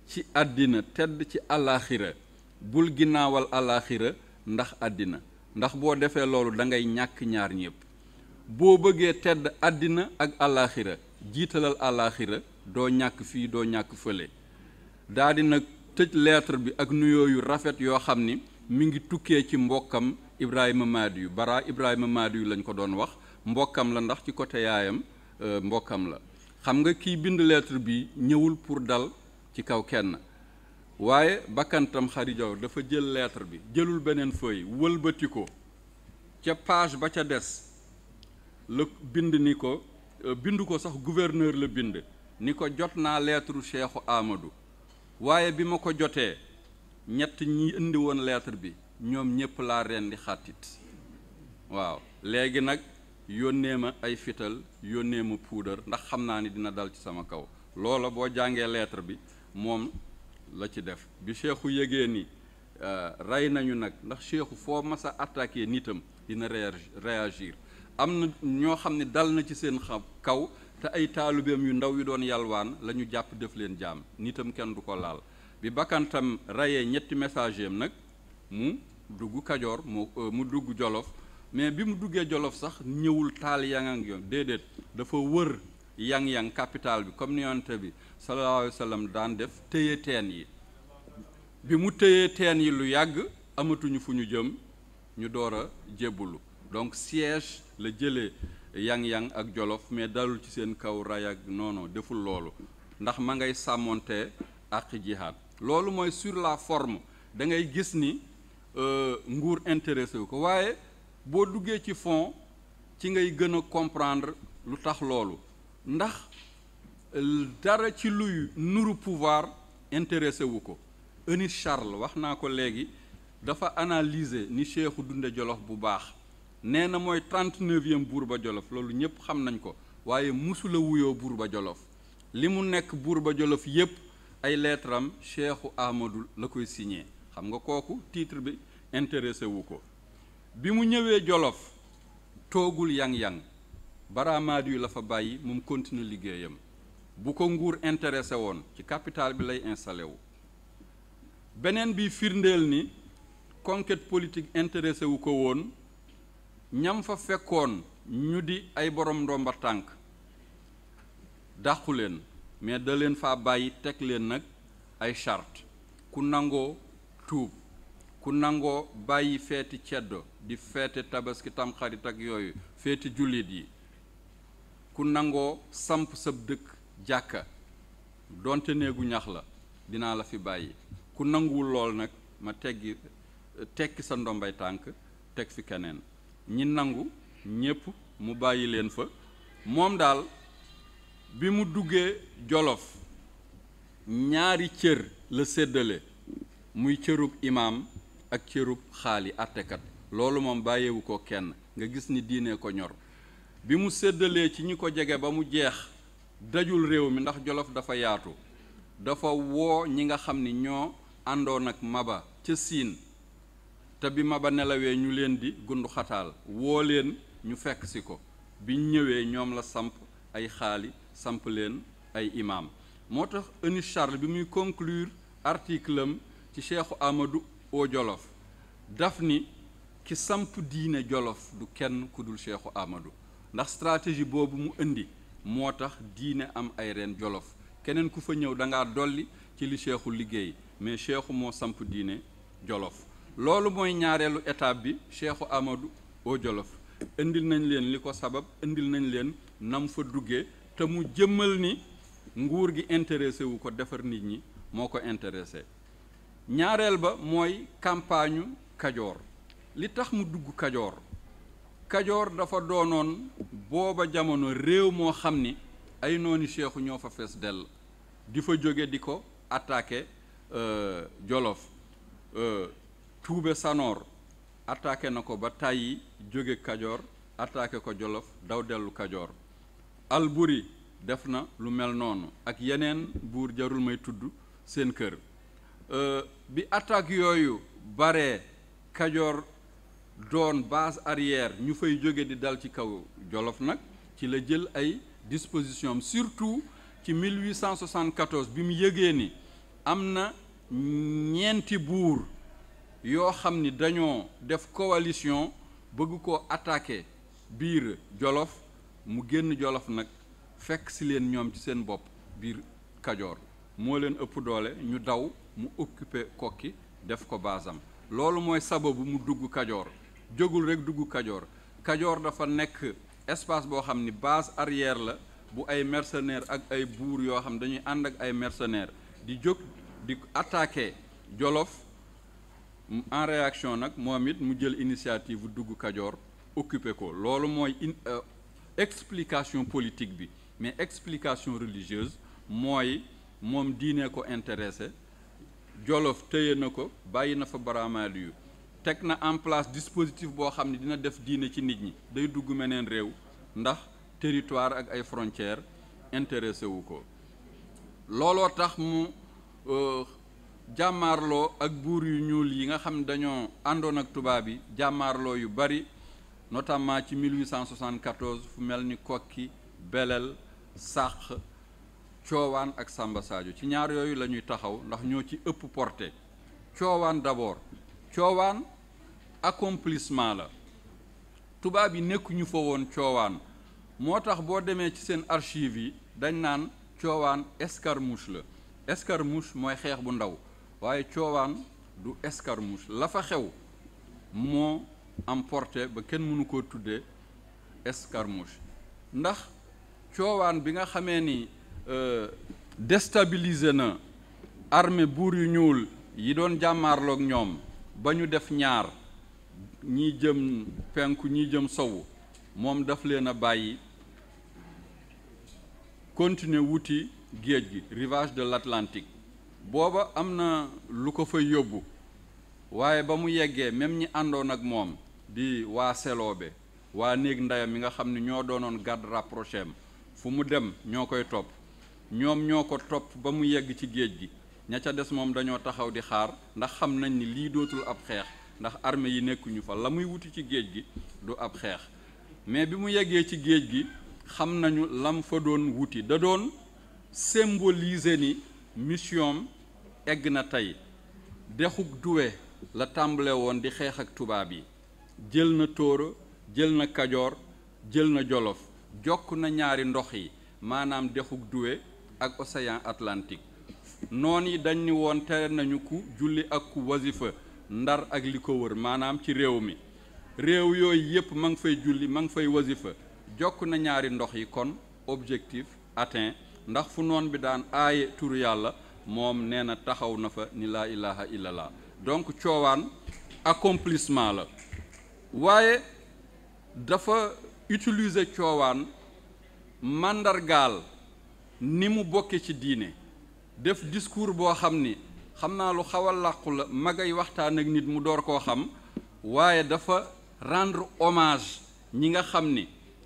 ci àddina tedd ci àllaaxira bul ginnaawal àllaaxira ndax àddina ndax boo defee loolu da ngay ñàkk ñaar ñépp boo bëggee tedd àddina ak àllaaxira jiitalal àllaaxira doo ñàkk fii doo ñàkk fële daldi nag tëj lettre bi ak nuyoo yu rafet yoo xam ni mu ngi tukkee ci mbokkam Ibrahima Madiou Bara Ibrahima Madiou lañ ko doon wax mbokkam la ndax ci côté yaayam euh, mbokkam la xam nga kiy bind lettre bi ñëwul pour dal ci kaw kenn waaye bakkantam xari dafa jël lettre bi jëlul beneen feuille wëlbati ko ca page ba ca des la bind ni ko euh, bind ko sax gouverneur la bind ni ko jot naa lettre Cheikhu Amadou waaye bi ma ko jotee ñett ñi indi woon lettre bi ñoom ñépp laa rendi di xàttit waaw léegi nag yónnee ma ay fital yónnee ma puudar ndax xam naa ni dina dal ci sama kaw loola boo jàngee lettre bi moom la ci def bi Cheikhu yëgee ni euh, rey nañu nag ndax Cheikhu foo masa a attaqué nitam dina réagir am na ñoo xam ne dal na ci seen xam kaw te ay taalibeem yu ndaw yu doon yalwaan la ñu jàpp def leen jaam nitam kenn du ko laal bi bakkantam reyee ñetti messager am nag mu dugg Kajoor mu euh, mu dugg Jolof mais bi mu duggee Jolof sax ñëwul taal yangang yo déedéet dafa wër yang-yang capital bi communauté bi sallallahu alayhi daan def téye teen yi bi mu téyee teen yi lu yàgg amatuñu fu ñu jëm ñu door a jébbulu donc siège la jëlee yang-yang ak jolof mais dalul ci seen kaw ray ak noono deful loolu ndax ma ngay sàmmoonte ak jihaad loolu mooy sur la forme da ngay gis ni euh, nguur intéressé wu ko waaye boo duggee ci fond ci ngay gën a comprendre lu tax loolu ndax dara ci luy nuru pouvoir intéressé wu ko Eunice Charles wax naa ko léegi dafa analyser ni Cheikhu dunde Jolof bu baax nee na mooy trente-neuvième ba Jolof loolu ñépp xam nañ ko waaye musula wuyoo ba Jolof li mu nekk buur ba Jolof yépp ay lettre am Cheikhu Ahmadou la koy signé xam nga kooku tiitre bi intéressé wu ko bi mu ñëwee Jolof toogul yang-yang baraamaadu yi la fa bàyyi moom continuer liggéeyam bu ko nguur intéressé woon ci capital bi lay installé wu beneen bi firndeel ni conquête politique intéressé wu ko woon ñam fa fekkoon ñu di ay borom ndomba tànk dàqu leen mais da leen faa bàyyi teg leen nag ay charte ku nangoo tuub ku nangoo bàyyi feeti ceddo di feete tabaski tamxarit ak yooyu feeti jullit yi ku nangoo samp sab dëkk jàkka donte néegu ñax la dinaa la fi bàyyi ku nanguwul lool nag ma teggi tekki sa ndombay tànk teg fi keneen ñi nangu ñépp mu bàyyi leen fa moom daal bi mu duggee jolof ñaari cër la séddale muy cërub imaam ak cërub xaali àttekat loolu moom bàyyewu ko kenn nga gis ni diine ko ñor bi mu séddalee ci ñu ko jege ba mu jeex dajul réew mi ndax Jolof dafa yaatu dafa woo ñi nga xam ni ñoo àndoon ak Maba ca Siin te bi Maba nelawee ñu leen di gunduxataal woo leen ñu fekk si ko bi ñëwee ñoom la samp ay xaali samp leen ay imaam moo tax Ernest Charles bi muy conclure article ci Cheikhu amadu au Jolof daf ni ki samp diine Jolof du kenn ku dul Cheikhu Amadou ndax stratégie boobu mu indi moo tax diine am ay reen jolof keneen ku fa ñëw danga dolli ci li cheikhu liggéey mais cheikhu moo samp diine jolof loolu mooy ñaareelu étape bi cheikhu amadou au jolof indil nañ leen li ko sabab indil nañ leen nam fa duggee te mu jëmmal ni nguur gi intéressé wu ko defar nit ñi moo ko intéressé ñaareel ba mooy campagne kajoor li tax mu dugg kajoor kajoor dafa doonoon booba jamono réew moo xam ni ay nooni seexu ñoo fa fees dell di fa jóge di ko attaqué euh, jolof euh, tuube sanoor attaqué na ko ba tàyyi jóge kajoor attaqué ko jolof daw dellu kajoor alburi def na lu mel noonu ak yeneen buur jarul may tudd seen kër euh, bi attaque yooyu baree kajoor doon base arrière ñu fay jóge di dal ci kaw Jolof nag ci la jël ay disposition am surtout ci 1874 bi mu yëgee ni am na ñeenti buur yoo xam ni dañoo def coalition bëgg ko attaquer biir Jolof mu génn Jolof nag fekk si leen ñoom ci seen bopp biir Kajoor moo leen ëpp doole ñu daw mu occuper Kokki def ko baasam loolu mooy sababu mu dugg Kajoor jógul rek duggu Kajoor Kajoor dafa nekk espace boo xam ni base arrière la bu ay mercenaires ak ay buur yoo xam dañuy ànd ak ay mercenaires di jóg di attaquer Jolof en réaction nag moom it mu jël initiative bu dugg Kajoor occuper ko loolu mooy in euh, explication politique bi mais explication religieuse mooy moom diine ko intéressé Jolof téye na ko bàyyi na fa baraamaali teg na en place dispositif boo xam ne dina def diine ci nit ñi day dugg meneen réew ndax teritoire ak ay frontières intéressé wu ko looloo tax mu euh, jàmmaarloo ak buur yu ñuul yi nga xam ne dañoo àndoon ak tubaab yi jàmmaarloo yu bari notamment ci 1874 fu mel ni kokki belel sàq coowaan ak Samba Sadio ci ñaar yooyu la ñuy taxaw ndax ñoo ci ëpp porté coowaan d'abord coowaan accomplissement la tubaab yi nekkuñu fa woon coowaan moo tax boo demee ci seen archive yi dañ naan coowaan escarmouche la escarmouche mooy xeex bu ndaw waaye coowaan du escarmouche la fa xew moo am portée ba kenn mënu ko tuddee escarmouche ndax coowaan bi nga xamee ni euh, déstabiliser na armée buur yu ñuul yi doon jàmmaarloog ñoom ba ñu def ñaar ñi jëm penku ñi jëm sowu moom daf leen a bàyyi continuer wuti géej gi rivage de l'Atlantique booba am na lu ko fa yóbbu waaye ba mu yeggee même ñi àndoon ak moom di waa seloobe waa néeg ndeyam mi nga xam ni ñoo doonoon gàdd rapproché am fu mu dem ñoo koy topp ñoom ñoo ko topp ba mu yegg ci géej gi ña ca des moom dañoo taxaw di xaar ndax xam nañ ni lii dootul ab xeex ndax armée yi nekkuñu fa la muy wuti ci géej gi du ab xeex mais bi mu yeggee ci géej gi xam nañu lam fa doon wuti da doon symboliser ni mission egg na tey dexuk duwe la tàmbale woon di xeex ak tubaab yi jël na tóora jël na kajoor jël na jolof jokk na ñaari ndox yi maanaam dexuk duwe ak océan Atlantique noon yi dañ ni woon tere nañu ku julli ak ku wasifa ndar ak li ko wër maanaam ci réew mi réew yooyu yépp ma ngi fay julli ma fay wasifa jokk na ñaari ndox yi kon objectif atteint ndax fu noon bi daan aaye turu yàlla moom nee na taxaw na fa ni laa ilaha illallah donc coowaan accomplissement la waaye dafa utilise coowaan màndargaal ni mu bokkee ci diine def discours boo xam ni xam naa lu xawal làqu la mag ay waxtaan ak nit mu door koo xam waaye dafa rendre hommage ñi nga xam ni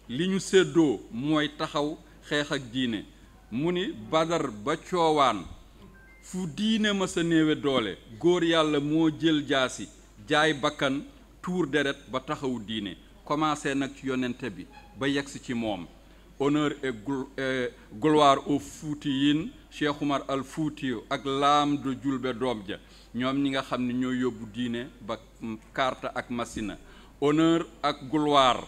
li ñu séddoo mooy taxaw xeex ak diine mu ni badar ba coowaan fu diine ma sa néewe doole góor yàlla moo jël jaasi jaay bakkan tuur deret ba taxawu diine commencé nag ci yonente bi ba yegsi ci moom honneur et gloire aux Fuutiyin Cheikh Oumar al Foutiou ak laam du julbe doom ja ñoom ñi nga xam ne ñoo yóbbu diine ba Karta ak Massina honneur ak gloire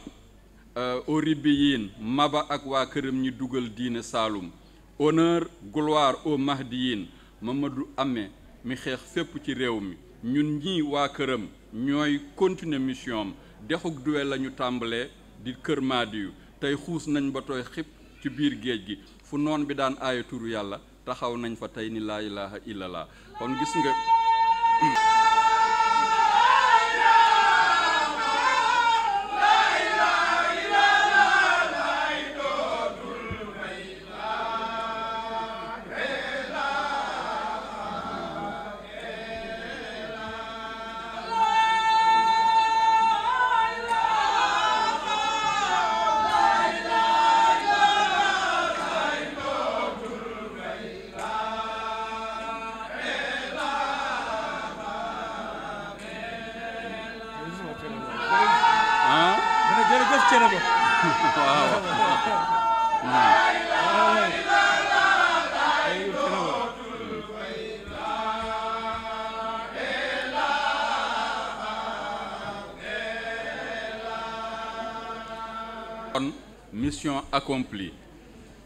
oribiyin euh, Maba ak waa këram ñi dugal diine Saalum honneur gloire au mahdiyin Mamadou ame mi xeex fépp ci réew mi ñun ñii waa këram ñooy continuer mission am dexuk duwe la ñu tàmbalee di kër Maadiyu tey xuus nañ ba tooy xib ci biir géej gi fu noon bi daan aaya turu yàlla taxaw nañ fa tey ni laa ilaha illallah kon gis nga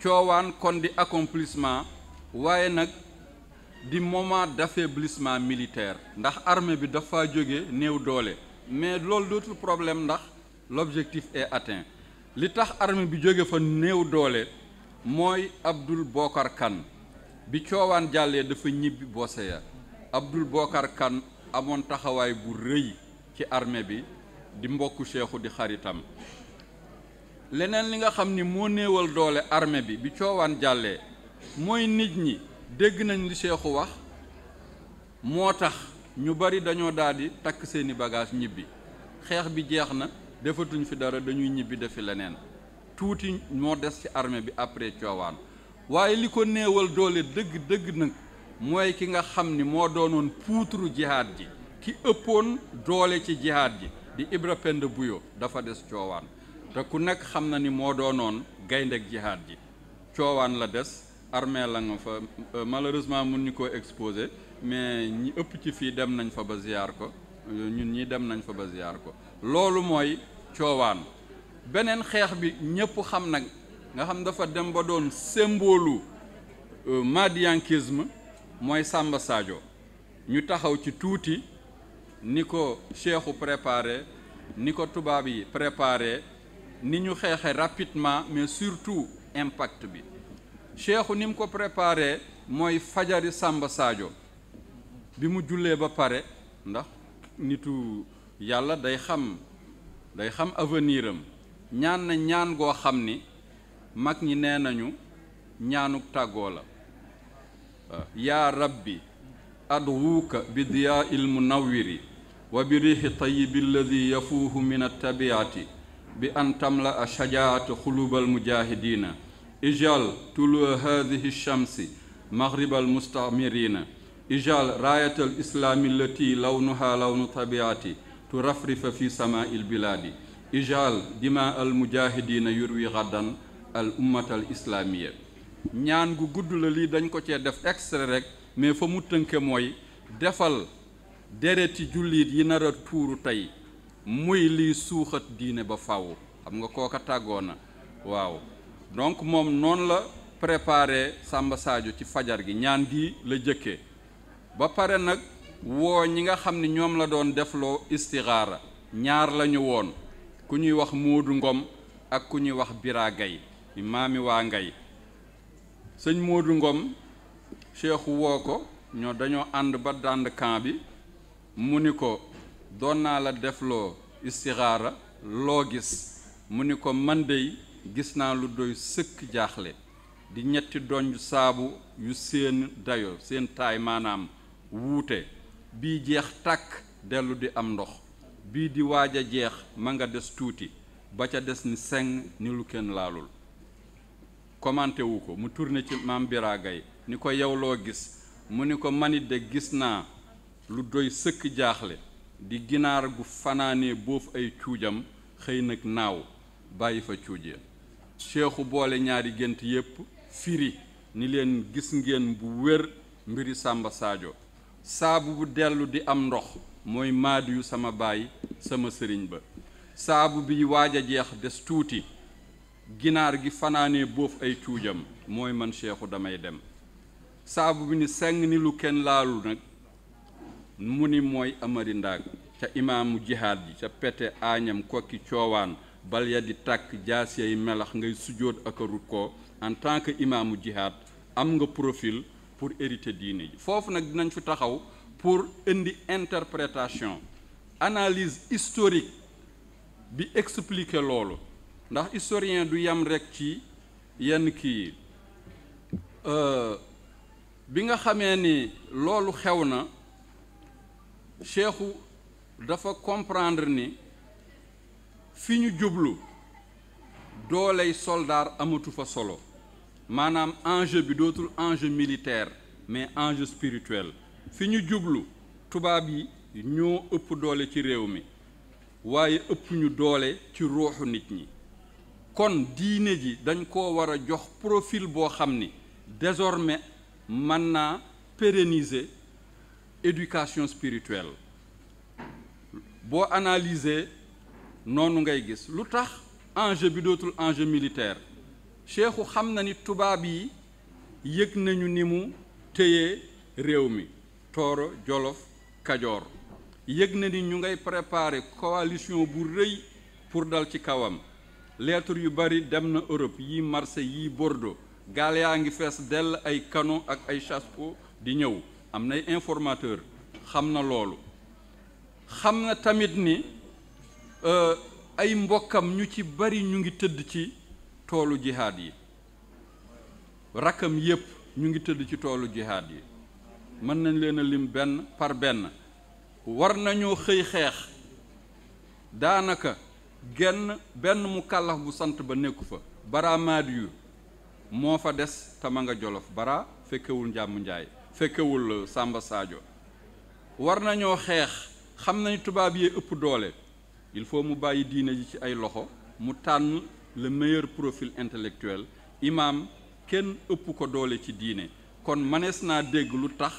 coowaan kon di accomplissement waaye nag di moment d'affaiblissement militaire ndax armée bi dafa jóge néew doole mais loolu dootul problème ndax l'objectif est atteint li tax armée bi jóge fa néew doole mooy Abdoul Bokar Kane bi coowaan jàllee dafa ñibbi Boseya Abdoul Bokar Kane amoon taxawaay bu rëy ci armée bi di mbokk cheikhu di xaritam leneen li nga xam ni moo néewal doole armée bi bi coowaan jàllee mooy nit ñi dégg nañ li seexu wax moo tax ñu bari dañoo daal di takk seeni bagage ñibbi xeex bi jeex na defatuñ fi dara dañuy ñibbi defi leneen tuuti moo des ci armée bi après coowaan waaye li ko néewal doole dëgg dégg nag mooy ki nga xam ni moo doonoon puutru jihaad ji ki ëppoon doole ci jihaad ji di Ibra Penda Buyo dafa des coowaan te ku nekk xam na ni moo doonoon gayndeg jihaad ji coowaan la des armée la nga fa euh, malheureusement mun ñu ko exposé mais ñi ëpp ci fii dem nañ fa ba ko euh, ñun ñi dem nañ fa ba ziyaar ko loolu mooy coowaan beneen xeex bi ñëpp xam nag nga xam dafa dem ba doon symbolu euh, madiankisme mooy Samba saajo ñu taxaw ci tuuti ni ko cheikhu préparé ni ko tubaab yi préparé ni ñu xeexe rapidement mais surtout impact bi Cheikhou ni mu ko préparé mooy fajari sàmba Sadio bi mu jullee ba pare ndax nitu yàlla day xam day xam avenir am ñaan na ñaan goo xam ni mag ñi nee nañu ñaanuk tàggoo la yaa rabbi adwuuka bi diyaa il munawwiri wa bi riixi tayibi alladi yafuuhu min attabiati bi an tamla a shajaata xulubal mujaahidiina ijal tulua haadihi shamsi maghribal mustamirina ijal raayatal islaami lati lawnuha lawnu tabiati tu rafrifa fi samaa'il bilaadi ijal dima al mujaahidiina yurwi xaddan al ummatal islaamiya ñaan gu gudd la lii dañ ko cee def extrait rek mais fa mu tënke mooy defal dereti jullit yi nar tuuru tey muy liy suuxat diine ba faw xam nga kooka tàggoo na waaw donc moom noonu la préparé sàmba Sadio ci fajar gi ñaan gi la jëkke ba pare nag woo ñi nga xam ni ñoom la doon defloo istixaara ñaar lañu woon ku ñuy wax Moodu ngoom ak ku ñuy wax Bira Gay maami waa Ngay sëñ Moodu ngoom Cheikh woo ko ñoo dañoo ànd ba dànd camp bi mu ni ko doon naa la defloo istixaara loo gis mu ni ko man dey gis naa lu doy sëkk jaaxle di ñetti donj saabu yu seen dayo seen taay maanaam wuute bii jeex tàkk dellu di am ndox bii di waaj a jeex ma nga des tuuti ba ca des ni seng ni lu kenn laalul commenté wu ko mu turne ci maam Bira Gaye ni ko yow loo gis mu ni ko manit de gis naa lu doy sëkk jaaxle di ginaar gu fanaane boofu ay cuujam xëy nag naaw bàyyi fa cuuje seexu boole ñaari gént yépp fiiri ni leen gis ngeen bu wér mbiri Sàmba Saajo saabu bu dellu di am ndox mooy maadu yu sama baay sama sëriñ ba saabu bi waaj a jeex des tuuti ginaar gi fanaane boof ay cuujam mooy man seexu damay dem saabu bi ni seng ni lu kenn laalu nag mu ni mooy amari ndaag ca imaamu jihaad ji ca pete aañam kokki coowaan bal di tàkk jaas yay melax ngay sujjóot ak a rut ko en tant que imaamu jihaad am nga profil pour érité diine ji foofu nag dinañ fi taxaw pour indi interprétation analyse historique bi expliquer loolu ndax istorien du yam rek ci yenn kii euh, bi nga xamee ni loolu xew na cheikhu dafa comprendre ni fi ñu jublu dooley soldaar amatu fa solo maanaam enjeu bi dootul enjeu militaire mais enjeu spirituel fi ñu jublu tubaab yi ñoo ëpp doole ci réew mi waaye ëpp ñu doole ci ruuxu nit ñi kon diine ji dañ ko war a jox profil boo xam ni désormais mën naa pérenniser éducation spirituelle boo analyser noonu ngay gis lu tax enjeu bi dootul enjeu militaire cheikhu xam na ni tubaab yi yëg nañu ni mu téye réew mi tooro jolof kajoor yëg na ni ñu ngay préparer coalition bu rëy pour dal ci kawam lettre yu bari dem na Europe yi Marseille yi Bordeaux gaal yaa ngi fees dell ay kano ak ay chassepot di ñëw am nay informateur xam na loolu xam na tamit ni euh, ay mbokkam ñu ci bari ñu ngi tëdd ci toolu jihaad yi rakkam yépp ñu ngi tëdd ci toolu jihaad yi mën nañ leen lim benn par benn war nañoo xëy xeex daanaka genn benn mu kàllaf bu sant ba nekku fa bara maad moo fa des te ma nga jolof bara fekkewul njàmm njaay fekkewul Samba Sadio war nañoo xeex xam nañ tubaab yee ëpp doole il faut mu bàyyi diine ji ci ay loxo mu tànn le meilleur profil intellectuel imaam kenn ëpp ko doole ci diine kon mënees naa dégg lu tax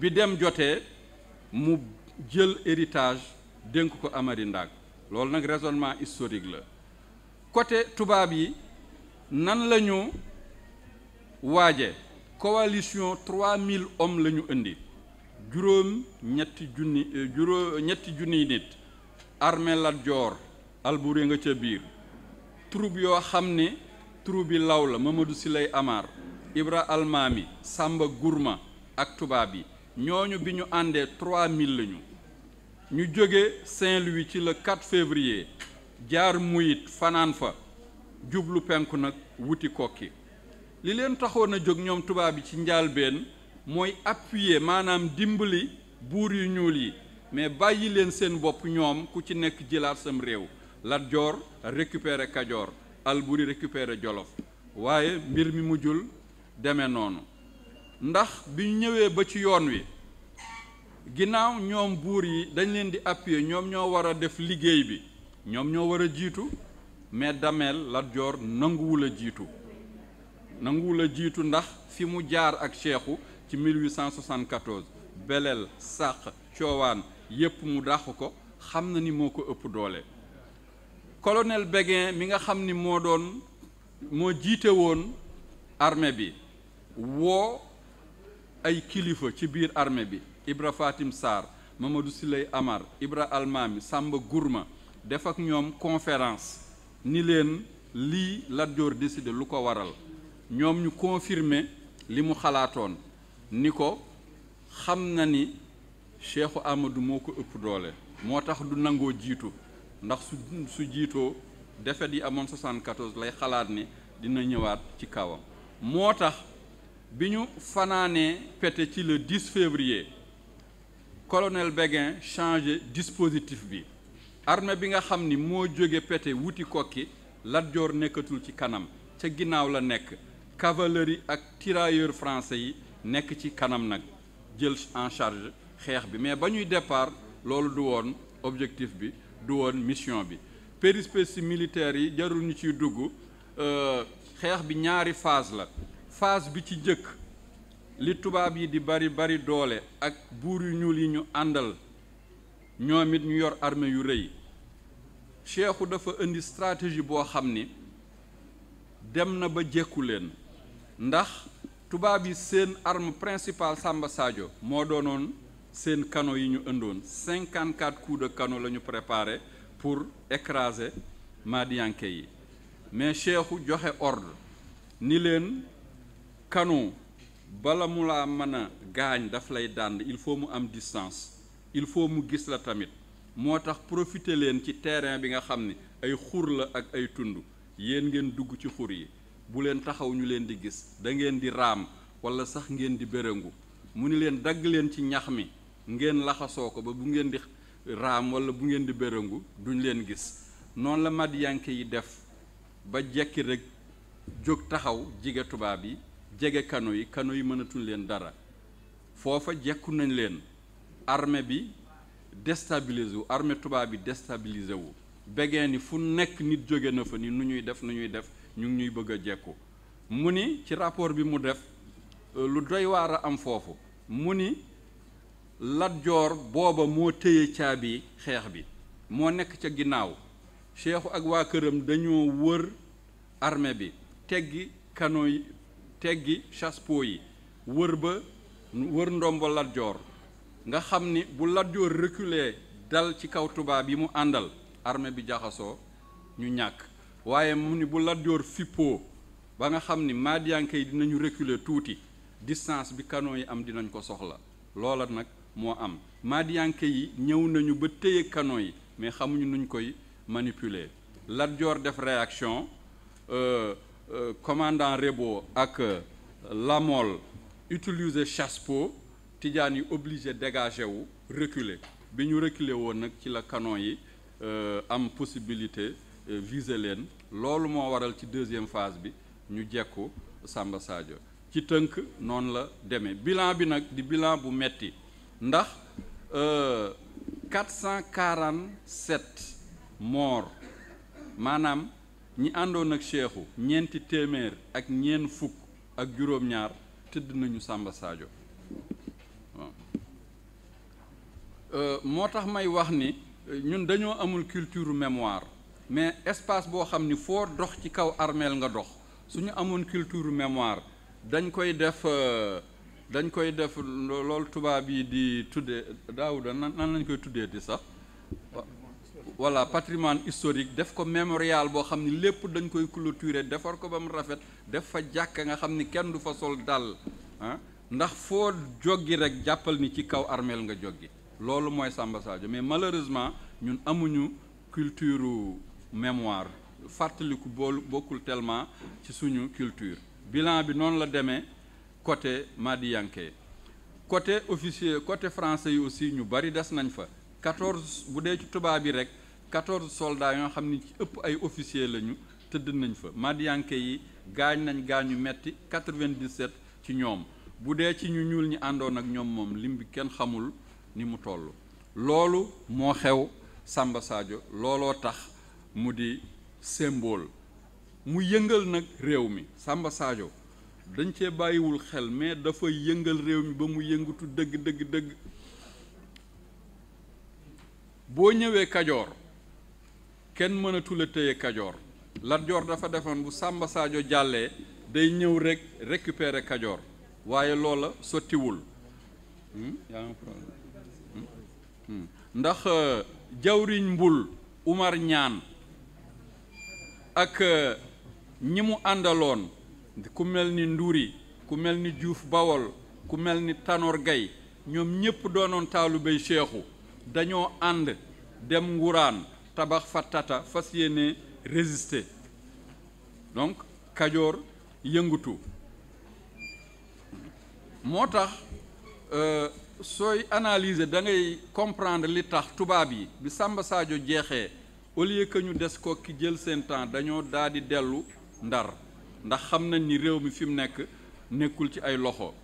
bi dem jotee mu jël héritage dénk ko Amari Ndaag loolu nag raisonnement historique la côté tubaab yi nan lañu waaje coalition 3000 hommes la ñu indi juróom ñetti junni euh, juróom ñetti junniy nit armée Lat Joor Alboury nga ca biir troupe yoo xam ni troupe bi law la Mamadou Siley Amar Ibra Almami sàmba Gourma ak tubaab yi ñooñu bi ñu àndee 3000 lañu ñu jóge Saint-Louis ci le 4 février jaar muyit fanaan fa jublu penku nag wuti kokki li leen taxoon a jóg ñoom tubaab yi ci njaalbeen mooy appuyer maanaam dimbali buur yu ñuul yi mais bàyyi leen seen bopp ñoom ku ci nekk jëlaat sam réew Lat Joor récupérer Kajoor Alburi récupérer Jolof waaye mbir mi mu jul demee noonu ndax bi ñu ñëwee ba ci yoon wi ginnaaw ñoom buur yi dañ leen di appuyer ñoom ñoo war a def liggéey bi ñoom ñoo war a jiitu mais dameel Lat Joor nanguwul a jiitu nanguwul jiitu ndax fi mu jaar ak cheikhu ci 1874 beleel sàq coowaan yépp mu dàq ko xam na ni moo ko ëpp doole colonel begin mi nga xam ni moo doon moo jiite woon arme bi woo ay kilifa ci biir armée bi Ibra Fatim Sarr Mamadou Siley Amar Ibra Almami Samba Gourma def ak ñoom conférence ni leen lii Lat Joor décidé lu ko waral ñoom ñu confirmer li mu xalaatoon ni ko xam na ni Cheikhu Amadou moo ko ëpp doole moo tax du nangoo jiitu ndax su su jiitoo defet yi amoon 74 lay xalaat ni dina ñëwaat ci kawam moo tax bi ñu fanaanee pete ci le 10 février colonel Béguin changé dispositif bi armée bi nga xam ni moo jóge pete wuti kokki Lat Joor nekkatul ci kanam ca ginnaaw la nekk cavalerie ak tirailleurs français yi nekk ci kanam nag jël en charge xeex bi mais ba ñuy départ loolu du woon objectif bi du woon mission bi périspécie militaire yi jaruñu ci ciy dugg euh, xeex bi ñaari phase la phase bi ci jëkk li tubaab yi di bari bari doole ak buur yu ñuul yi ñu àndal ñoom it ñu yor armée yu rëy Cheikhu dafa indi stratégie boo xam ni dem na ba jekku leen ndax tubaab yi seen arme principal Samba Sadio moo doonoon seen kano yi ñu ëndoon 54 coups de canon la ñu préparé pour écraser Madianke yi mais Cheikhou joxe ordre ni leen canon bala mu laa mën a gaañ daf lay dànd il faut mu am distance il faut mu gis la tamit moo tax profiter leen ci terrain bi nga xam ni ay xur la ak ay tund yéen ngeen dugg ci xur yi bu leen taxaw ñu leen di gis da ngeen di raam wala sax ngeen di béréngu mu ni leen dagg leen ci ñax mi ngeen laxasoo ko ba bu ngeen di raam wala bu ngeen di béréngu duñ leen gis noonu la madiyanke yi def ba jekki rek jóg taxaw jige tubaab yi jege kano yi kano yi mënatuñ leen dara foofa jekku nañ leen armée bi déstabilisé wu armée tubaab bi déstabilisé wu begeen ni fu nekk nit jóge na fa ni nu ñuy def nu ñuy def ñu ngi ñuy bëgg a jekku mu ni ci rapport bi mu def euh, lu doy waar a am foofu mu ni Lat booba moo téye caabi xeex bi moo nekk ca ginnaaw Seexu ak waa këram dañu wër arme bi teggi canon yi teggi yi wër ba wër ndombo Lat nga xam ni bu Lat Joor reculer dal ci kaw tubaab yi mu àndal armée bi jaxasoo ñu ñàkk waaye mu ni bu Lat Joor fippoo ba nga xam ni Maadiyanke yi dinañu reculer tuuti distance bi canon yi am dinañ ko soxla loola nag moo am Maadiyanke yi ñëw nañu ba téye canon yi mais xamuñu nuñ koy manipuler Lat Joor def réaction euh, euh, commandant Rebo ak euh, Lamol utiliser chasse-peau Tijaan yi obligé dégager wu reculer bi ñu reculer woon nag ci la canon yi euh, am possibilité Euh, viser leen loolu moo waral ci deuxième phase bi ñu jekku Samba Sadio ci tënk noonu la deme bilan bi nag di bilan bu metti ndax 447 euh, morts maanaam ñi àndoon ak Cheikhou ñeenti téeméer ak ñeent fukk ak juróom-ñaar tëdd nañu sàmba Sadio waaw euh, moo tax may wax ni ñun dañoo amul culture mémoire mais espace boo xam ni foo dox ci kaw armeel nga dox su ñu amoon culture mémoire dañ koy def euh, dañ koy def loolu tubaab yi di tuddee daawuda nan nan lañ koy tuddee di sax voilà patrimoine historique def ko mémorial boo xam ni lépp dañ koy clôturer defar ko ba mu rafet def fa jàkk nga xam ni kenn du fa sol dàll ah ndax foo joggi rek jàppal ni ci kaw armeel nga joggi loolu mooy Samba mais malheureusement ñun amuñu culture mémoire fàttaliku boolu bokkul tellement ci suñu culture bilan bi noonu la demee côté Madiyanke côté officier côté français yi aussi ñu bari des nañ fa quatorze bu dee ci tubaab yi rek quatorze soldats yoo xam ni ci ëpp ay officier lañu tëdd nañ fa madianque yi gaañ nañ gaañu metti quatre ci ñoom bu dee ci ñu ñuul ñi àndoon ak ñoom moom lim bi kenn xamul ni mu toll loolu moo xew Samba Sadio looloo tax mu di symbole mu yëngal nag réew mi sàmba Sadio dañ cee bàyyiwul xel mais dafa yëngal réew mi ba mu yëngatu dëgg dëgg dëgg boo ñëwee Kajoor kenn mënatul a téye Kajoor Lat dafa defoon bu sàmba saajo jàllee day ñëw rek récupérer Kajoor waaye loola sottiwul hmm? hmm? Hmm? ndax euh, jawriñ mbul Umar Ñaan ak euh, ñi mu àndaloon ku mel ni Nduri ku mel ni Diouf Bawol ku mel ni tanoor Gaye ñoom ñépp doonoon bay Seexu dañoo ànd dem nguraan tabax fa tata fas yéene résister donc Kajoor yëngutu moo tax euh, sooy analyser da ngay comprendre li tax tubaab yi bi Samba Sadio jeexee au lieu que ñu des ko ki jël seen temps dañoo daal di dellu ndar ndax xam nañ ni réew mi fi mu nekk nekkul ci ay loxo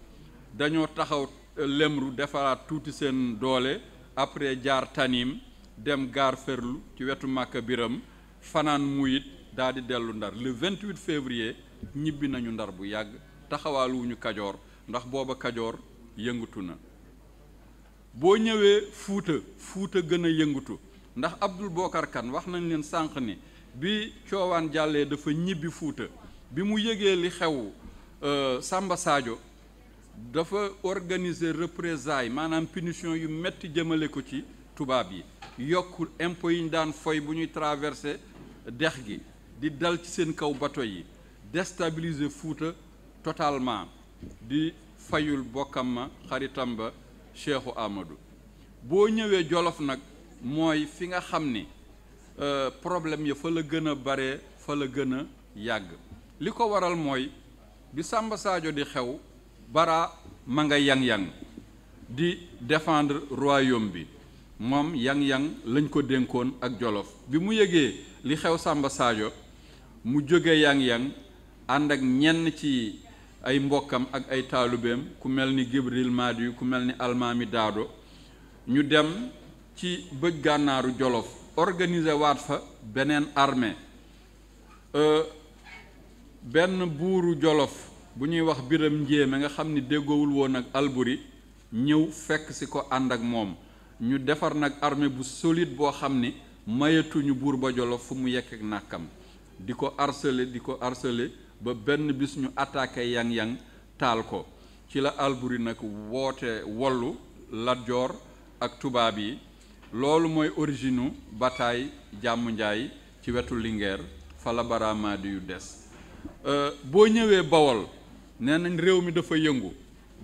dañoo taxaw euh, lemru defaraat tuuti seen doole après jaar Tanim dem gaar Ferlu ci wetu Màkka Biram fanaan muyit daal di dellu ndar le 28 ñibbi nañu ndar bu yàgg taxawaaluwuñu Kajoor ndax booba Kajoor yëngatu na boo ñëwee Fuuta Fuuta gën a yëngatu ndax Abdul Bokar Kan wax nañ leen sànq ni bi coowaan jàllee dafa ñibbi Fuuta bi mu yëgee li xew euh, Samba Sadio dafa organiser représailles maanaam punition yu metti jëmale ko ci tubaab yi yokkul impôts yi ñu daan foy bu ñuy traversé dex gi di dal ci seen kaw bato yi déstabiliser Fuuta totalement di fayul bokkam ma xaritam ba Cheikhu Amadou boo ñëwee Jolof nag mooy fi nga xam ni euh, problème ya fa la gën a bare fa la gën a yàgg li ko waral mooy bi sàmba saajo di xew bara ma nga yang-yang di defendre royaume bi moom yang-yang lañ ko dénkoon ak jolof bi mu yëgee li xew Samba Sadio mu jóge yang-yang ànd ak ñenn ci ay mbokkam ak ay taalubeem ku mel ni Gibril Madi ku mel ni Almaami Daado ñu dem ci bëj gànnaaru Jolof organiser waat fa beneen armée euh, benn buuru Jolof bu ñuy wax Biram njéemé nga xam ni déggowul woon ak Alburi ñëw fekk si ko ànd ak moom ñu defar nag armée bu solide boo xam ni mayetuñu buur ba Jolof fu mu yekk ak nàkkam di ko harceler di ko harceler ba benn bis ñu attaqué yang-yang taal ko ci la Alburi nag woote wollu Lat ak tubaab yi loolu mooy origine bataay jàmm njaay ci wetu Linguère fa yu des euh, boo ñëwee Bawol nee nañ réew mi dafa yëngu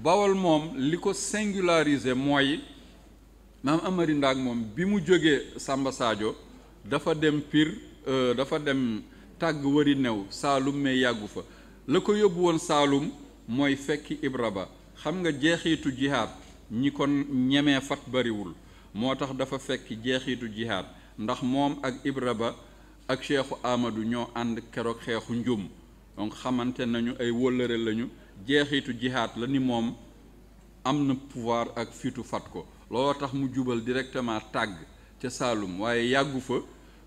Bawol moom li ko singulariser mooy maam Amari Ndaak moom bi mu jógee sàmba Sadio dafa dem Pire euh, dafa dem tàgg wari new Saalum mais yàggu fa la ko yóbbu woon Saalum mooy fekki Ibra Ba xam nga jeexitu jihaad ñi kon ñemee fat bariwul moo tax dafa fekk jeexiitu jihaad ndax moom ak Ibra Ba ak Cheikhu Amadou ñoo ànd keroog xeexu njum donc xamante nañu ay wóllëre lañu jeexiitu jihaad la ni moom am na pouvoir ak fitu fat ko looloo tax mu jubal directement tàgg ca Saalum waaye yàggu fa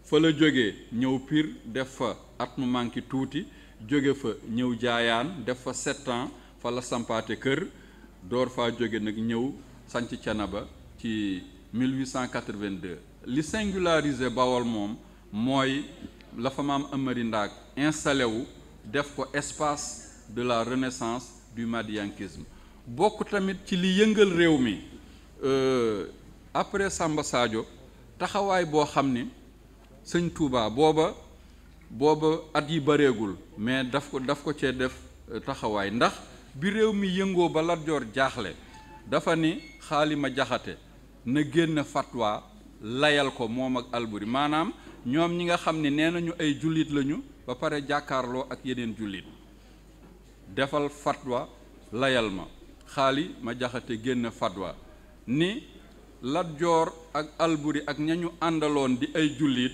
fa la jógee ñëw piir def fa at mu manqué tuuti jóge fa ñëw jaayaan def fa sept ans fa la sampaate kër door faa jóge nag ñëw sanc ba ci 1882 li singularisé Bawol moom mooy la fa maam Amari Ndaak installé wu def ko espace de la renaissance du madiankisme bokk tamit ci li yëngal réew mi euh, après Samba Sadio taxawaay boo xam ni sëñ Touba booba booba at yi bareegul mais daf ko daf ko cee def euh, taxawaay ndax bi réew mi yëngoo ba Lat Joor jaaxle dafa ni xaalima jaxate na génn fatwa layal ko moom ak Alburi maanaam ñoom ñi nga xam ni nee nañu ay jullit lañu ba pare jàkkaarloo ak yeneen jullit defal fatwa layal ma xaali ma jaxate génn fatwa ni Lat ak Alburi ak ña ñu àndaloon di ay jullit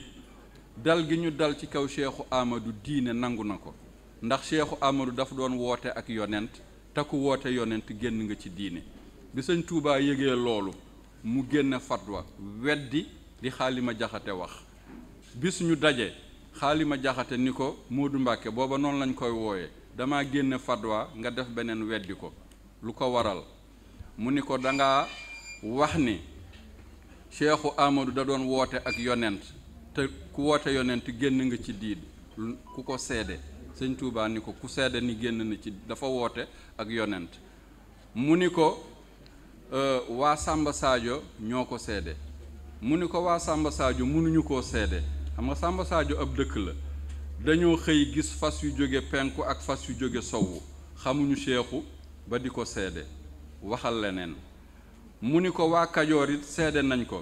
dal gi ñu dal ci kaw Cheikhu amadu diine nangu na ko ndax Cheikhu Amadou dafa doon woote ak yonent te ku woote yonent génn nga ci diine bi sëñ Tuubaa yëgee loolu mu génn fatwa weddi di xaalima jaxate wax bis ñu daje xaalima jaxate ni ko Moodu Mbàkke booba noonu lañ koy wooye dama génn fatwa nga def beneen weddi ko lu ko waral mu ni ko danga wax ni Cheikhu Amadou da doon woote ak yonent te ku woote yonent génn nga ci diid ku ko seede sëñ Tuubaa ni ko ku seede ni génn na ci dafa woote ak yonent mu ni ko Euh, waa sàmba saajo ñoo ko seede mu ni ko waa Samba Sadio mënuñu ko seede xam nga Samba Sadio ab dëkk la dañu xëy gis fas yu jóge penku ak fas yu jóge sowwu xamuñu seexu ba di ko seede waxal leneen mu ni ko waa Kajoor it seede nañ ko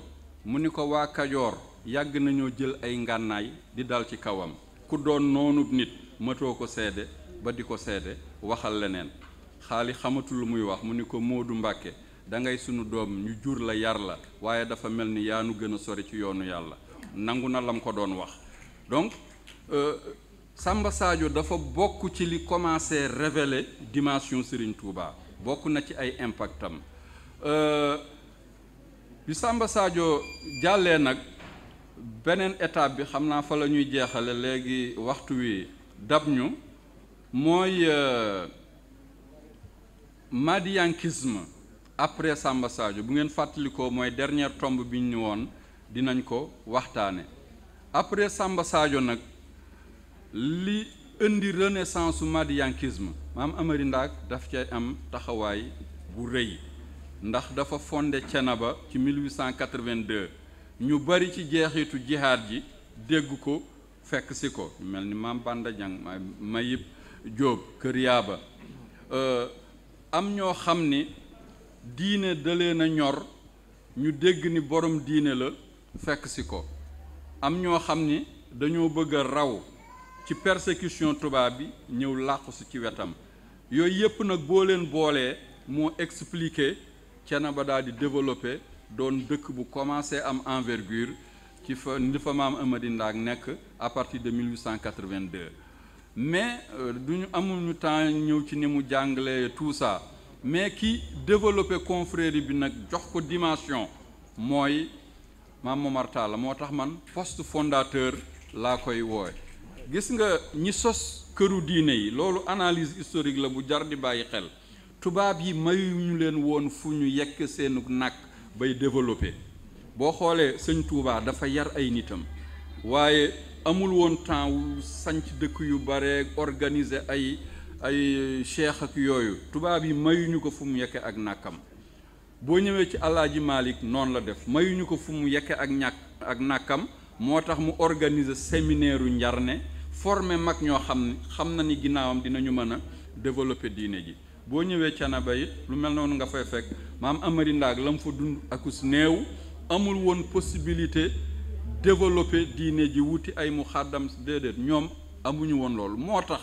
mu ni ko waa Kajoor yàgg nañoo jël ay ngànnaay di dal ci kawam ku doon noonu nit matoo ko seede ba di ko seede waxal leneen xaali xamatul lu muy wax mu ni ko Moodu Mbàkke da ngay sunu doom ñu jur la yar la waaye dafa mel ni yaa nu gën a sori ci yoonu yàlla nangu na lam ko doon wax donc euh, Samba Sadio dafa bokk ci li commencé révéler dimension Serigne Touba bokk na ci ay impactam euh, bi Samba Sadio jàllee nag beneen étape bi xam naa fa la ñuy jeexale léegi waxtu wi dab ñu mooy euh, madiankisme après Samba Sadio bu ngeen fàttalikoo mooy dernière tomb bi ñu woon dinañ ko waxtaane après sàmba saajo nag li indi renaissance su madiankisme maam Amari ndaag daf cay am taxawaay bu rëy ndax dafa fondé Thiénaba ci 1882 ñu bari ci jeexitu jihaad ji dégg ko fekk si ko mel ni maam Banda Diang Mayib Jóob Kër Yaaba euh, am ñoo xam ni diine dalee na ñor ñu dégg ni borom diine la fekk si ko am ñoo xam ni dañoo bëgg raw ci persécution tubaab bi ñëw làqu si ci wetam yooyu yépp nag boo leen boolee moo expliqué Thiénaba daal di développé doon dëkk bu commencé am envergure ci fa ni fa maam Amady Ndaak nekk à partir de 1882 mais euh, duñu ñu temps ñëw ci ni mu jàngalee tout ça mais ki développé confrérie bi nag jox ko dimension mooy maam Momar Talla moo tax man post fondateur laa koy woowe gis nga ñi sos këru diine yi loolu analyse historique la bu jar di bàyyi xel tubaab yi mayuñu leen woon fu ñu yekk seenu nag bay développé boo xoolee sëñ Touba dafa yar ay nitam waaye amul woon temps wu sanc dëkk yu bare organiser ay ay cheikh ak yooyu tubaab yi mayuñu ko fu mu yekke ak nàkkam boo ñëwee ci alaaji Malick noonu la def mayuñu ko fu mu yekke ak ñàkk ak nàkkam moo tax mu organiser séminaire njar ne former mag ñoo xam ne xam na ni ginnaawam dinañu mën a développer diine ji boo ñëwee canaba it lu mel noonu nga fay fekk maam amari ndaag la mu fa dund akus néew amul woon possibilité développer diine ji wuti ay mu xàddam déedéet ñoom amuñu woon loolu moo tax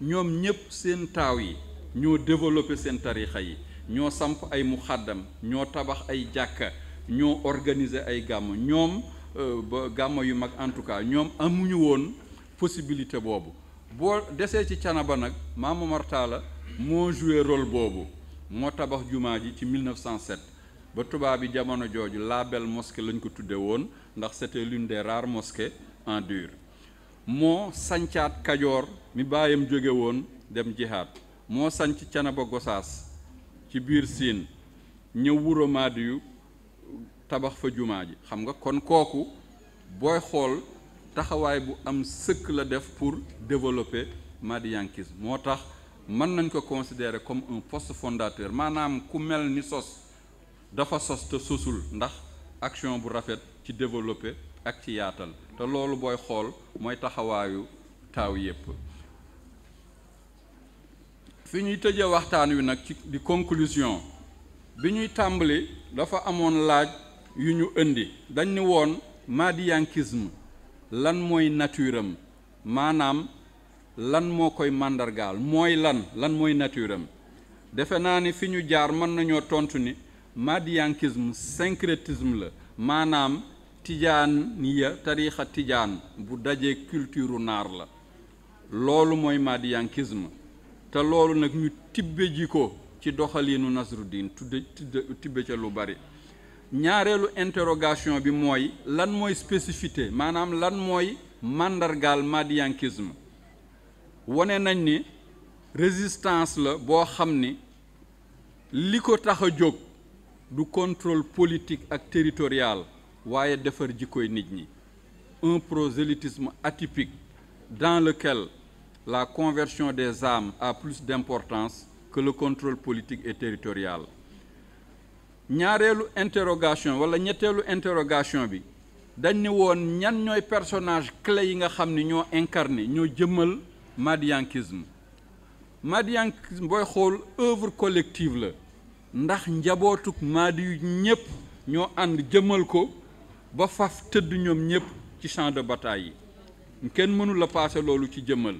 ñoom ñépp seen taaw yi ñoo développé seen tarixa yi ñoo samp ay muxaddam ñoo tabax ay jàkka ñoo organiser ay gàmm ñoom euh, ba gàmm yu mag en tout cas ñoom amuñu woon possibilité boobu boo desee ci canaba nag Maam Omar Talla moo joué role boobu moo tabax jumaa ji ci 1907 ba tubaab bi jamono jooju la belle mosquée lañ ko tuddee woon ndax c'était l'une des rares mosquées en dure moo sancaat kajoor mi baayam jóge woon dem jihaad moo sanc canaba gosaas ci biir siin ñëw wuro maadiyu tabax fa jumaa ji xam nga kon kooku booy xool taxawaay bu am sëkk la def pour développer madiyankisme moo tax mën nañ ko considérer comme un poste fondateur maanaam ku mel ni sos dafa sos te sosul ndax action bu rafet ci développer ak ci yaatal te loolu booy xool mooy taxawaayu taw yépp fi ñuy tëjee waxtaan wi nag ci di conclusion bi ñuy tàmbali dafa amoon laaj yu ñu indi dañ ni woon madiankisme lan mooy nature am maanaam lan moo koy màndargaal mooy lan lan mooy nature am defe naa ni fi ñu jaar mën nañoo tontu ni madiankisme syncrétisme la maanaam tijaaniya tarixa tijaan bu dajee culture naar la loolu mooy madiankism te loolu nag ñu tibbe ji ko ci doxaliinu Nasruddin tudde tibbe ca lu bari ñaareelu interrogation bi mooy lan mooy spécificité maanaam lan mooy màndargaal madiankisme wone nañ ni résistance la boo xam ni li ko tax a jóg du contrôle politique ak territorial waaye defar jikkoy nit ñi un prosélytisme atypique dans le lequel la conversion des âmes à plus d'importance que le contrôle politique et territorial ñaareelu interrogation wala ñetteelu interrogation bi dañ ne woon ñan ñooy personnage clé yi nga xam ni ñoo incarné ñoo jëmmal madiankisme madiankisme booy xool œuvre collective la ndax njabootuk maadi yu ñépp ñoo ànd jëmmal ko ba faf tëdd ñoom ñëpp ci champ de yi kenn mënula la loolu ci jëmmal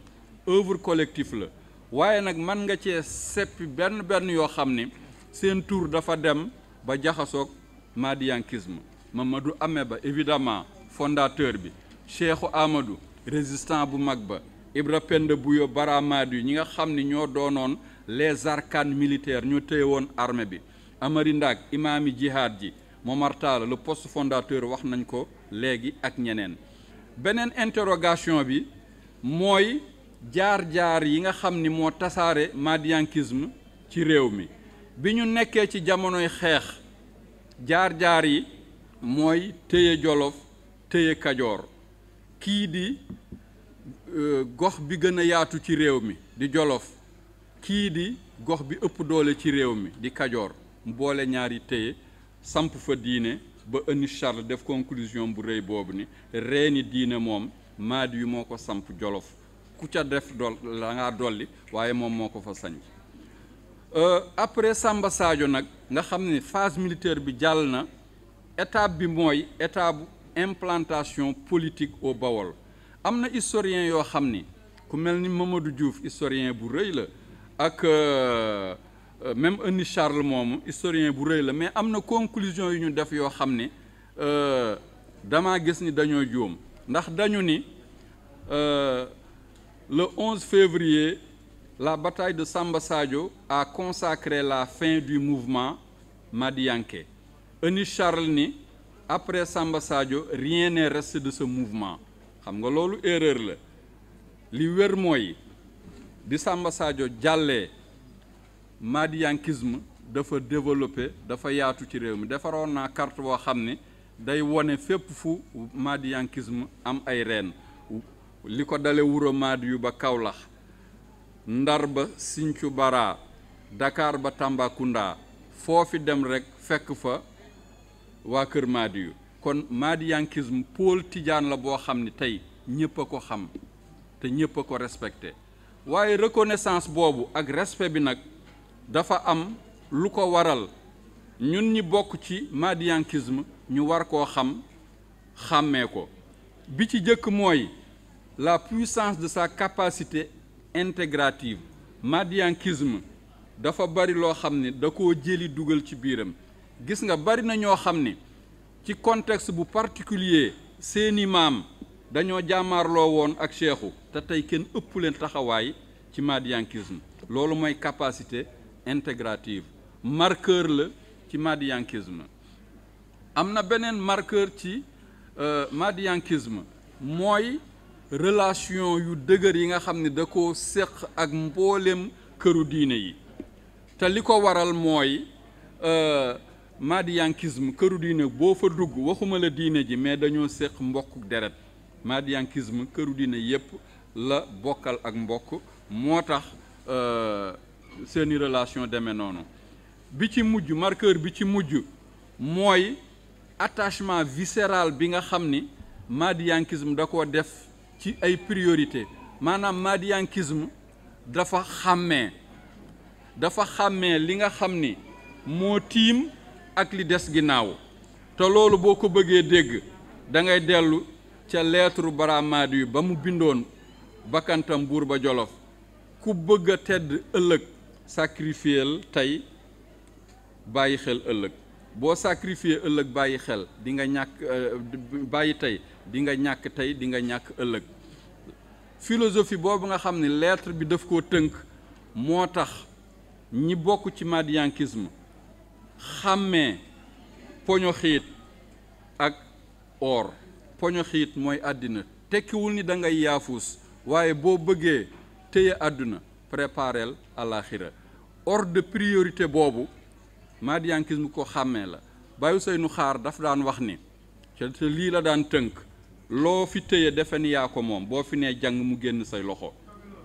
œuvre collective la waaye nag man nga cee seppi benn benn yoo xam ne seen tour dafa dem ba jaxasoog madiankisme Mamadou ba évidemment fondateur bi Cheikhou Amadou résistant bu mag ba Ibra Penda Bouyo Bara Madi ñi nga xam ni ñoo doonoon les arcanes militaires ñu téye woon armée bi Amari Ndak imaami jihaad ji Momar Talla le fondateur wax nañ ko léegi ak ñeneen beneen interrogation bi mooy jaar-jaar yi nga xam ni moo tasaare madiankisme ci réew mi bi ñu nekkee ci jamonoy xeex jaar-jaar yi mooy téye jolof téye kajoor kii di euh, gox bi gën a yaatu ci réew mi di jolof kii di gox bi ëpp doole ci réew mi di kajoor mboole ñaari téye samp fa diine ba ënni Charles def conclusion bu rëy boobu ni reeni diine moom maadi yu moo ko samp jolof ku ca def dol la dolli waaye moom moo ko fa sañ euh, après Samba Sadio nag nga xam ni phase militaire bi jàll na étape bi mooy étape implantation politique au Bawol am na historien yoo xam ni ku mel ni Mamadou Diouf historien bu rëy la ak euh, Euh, même Ernest Charles moomu historien bu rëy la mais am na conclusion yu ñu def yoo xam ne euh, dama gis ni dañoo juum ndax dañu ni euh, le 11 février la bataille de Samba Sadio a consacré la fin du mouvement Madianke Ernest Charles ni après Samba Sadio rien n'est de ce mouvement xam nga loolu erreur la li wér mooy di Samba Sadio jàllee madiankisme dafa développé dafa yaatu ci réew mi defaroon naa carte boo xam ne day wone fépp fu madiankism am ay reen li ko dale Wuro Madiyu ba Kawlax Ndar ba Sinthiou Bara dakaar ba Tambacounda foofi dem rekk fekk fa waa kër Madiyu kon madiankisme pôle tijaan la boo xam ne tey ñépp a ko xam te ñépp a ko respecté waaye reconnaissance boobu ak respect bi nag dafa am lu ko waral ñun ñi bokk ci madiankisme ñu war koo xam xàmmee ko bi ci jëkk mooy la puissance de sa capacité intégrative madiankisme dafa bari loo xam ne da koo jëli dugal ci biiram gis nga bari na ñoo xam ni ci contexte bu particulier seeni maam dañoo jàmmaarloo woon ak cheikhu te tey kenn ëpp leen taxawaay ci madiankisme loolu mooy capacité intégrative marqueur la ci madiankisme am na beneen marqueur ci euh, madiankisme mooy relation yu dëgër yi nga xam ni da ko séq ak mboolem këru diine yi te li ko waral mooy euh, madiankisme këru diine boo fa dugg waxuma la diine ji mais dañoo séq mbokk deret madiankisme këru diine yépp la bokkal ak mbokk moo tax euh, seeni relation demee noonu bi ci mujj marqueur bi ci mujj mooy attachement viscéral bi nga xam ni madiankisme da ko def ci ay priorité maanaam madiankisme dafa xàmmee dafa xàmmee li nga xam ni moo tiim ak li des ginnaaw te loolu boo ko bëggee dégg da ngay dellu ca leetre Baraamaadi yu ba mu bindoon bakkantam buur ba Jolof ku bëgg a tedd ëllëg sacrifiel tey bàyyi xel ëllëg boo sacrifier ëllëg bàyyi xel dinga ñàkk euh, bàyyi tey di nga ñàkk tey dinga ñàkk ëllëg philosophie boobu nga xam ni leetre bi daf koo tënk moo tax ñi bokk ci madiankisme xàmmee poño xiit ak or poño xiit mooy àddina tekkiwul ni dangay yaafus waaye boo bëggee téye àdduna prépareel àllaaxira ordre de priorité boobu maadiyankisme ko xàmmee la Baye Ousseynou Xaar dafa daan wax ni te lii la daan tënk loo fi téye defe ni yaa ko moom boo fi nee jàng mu génn say loxo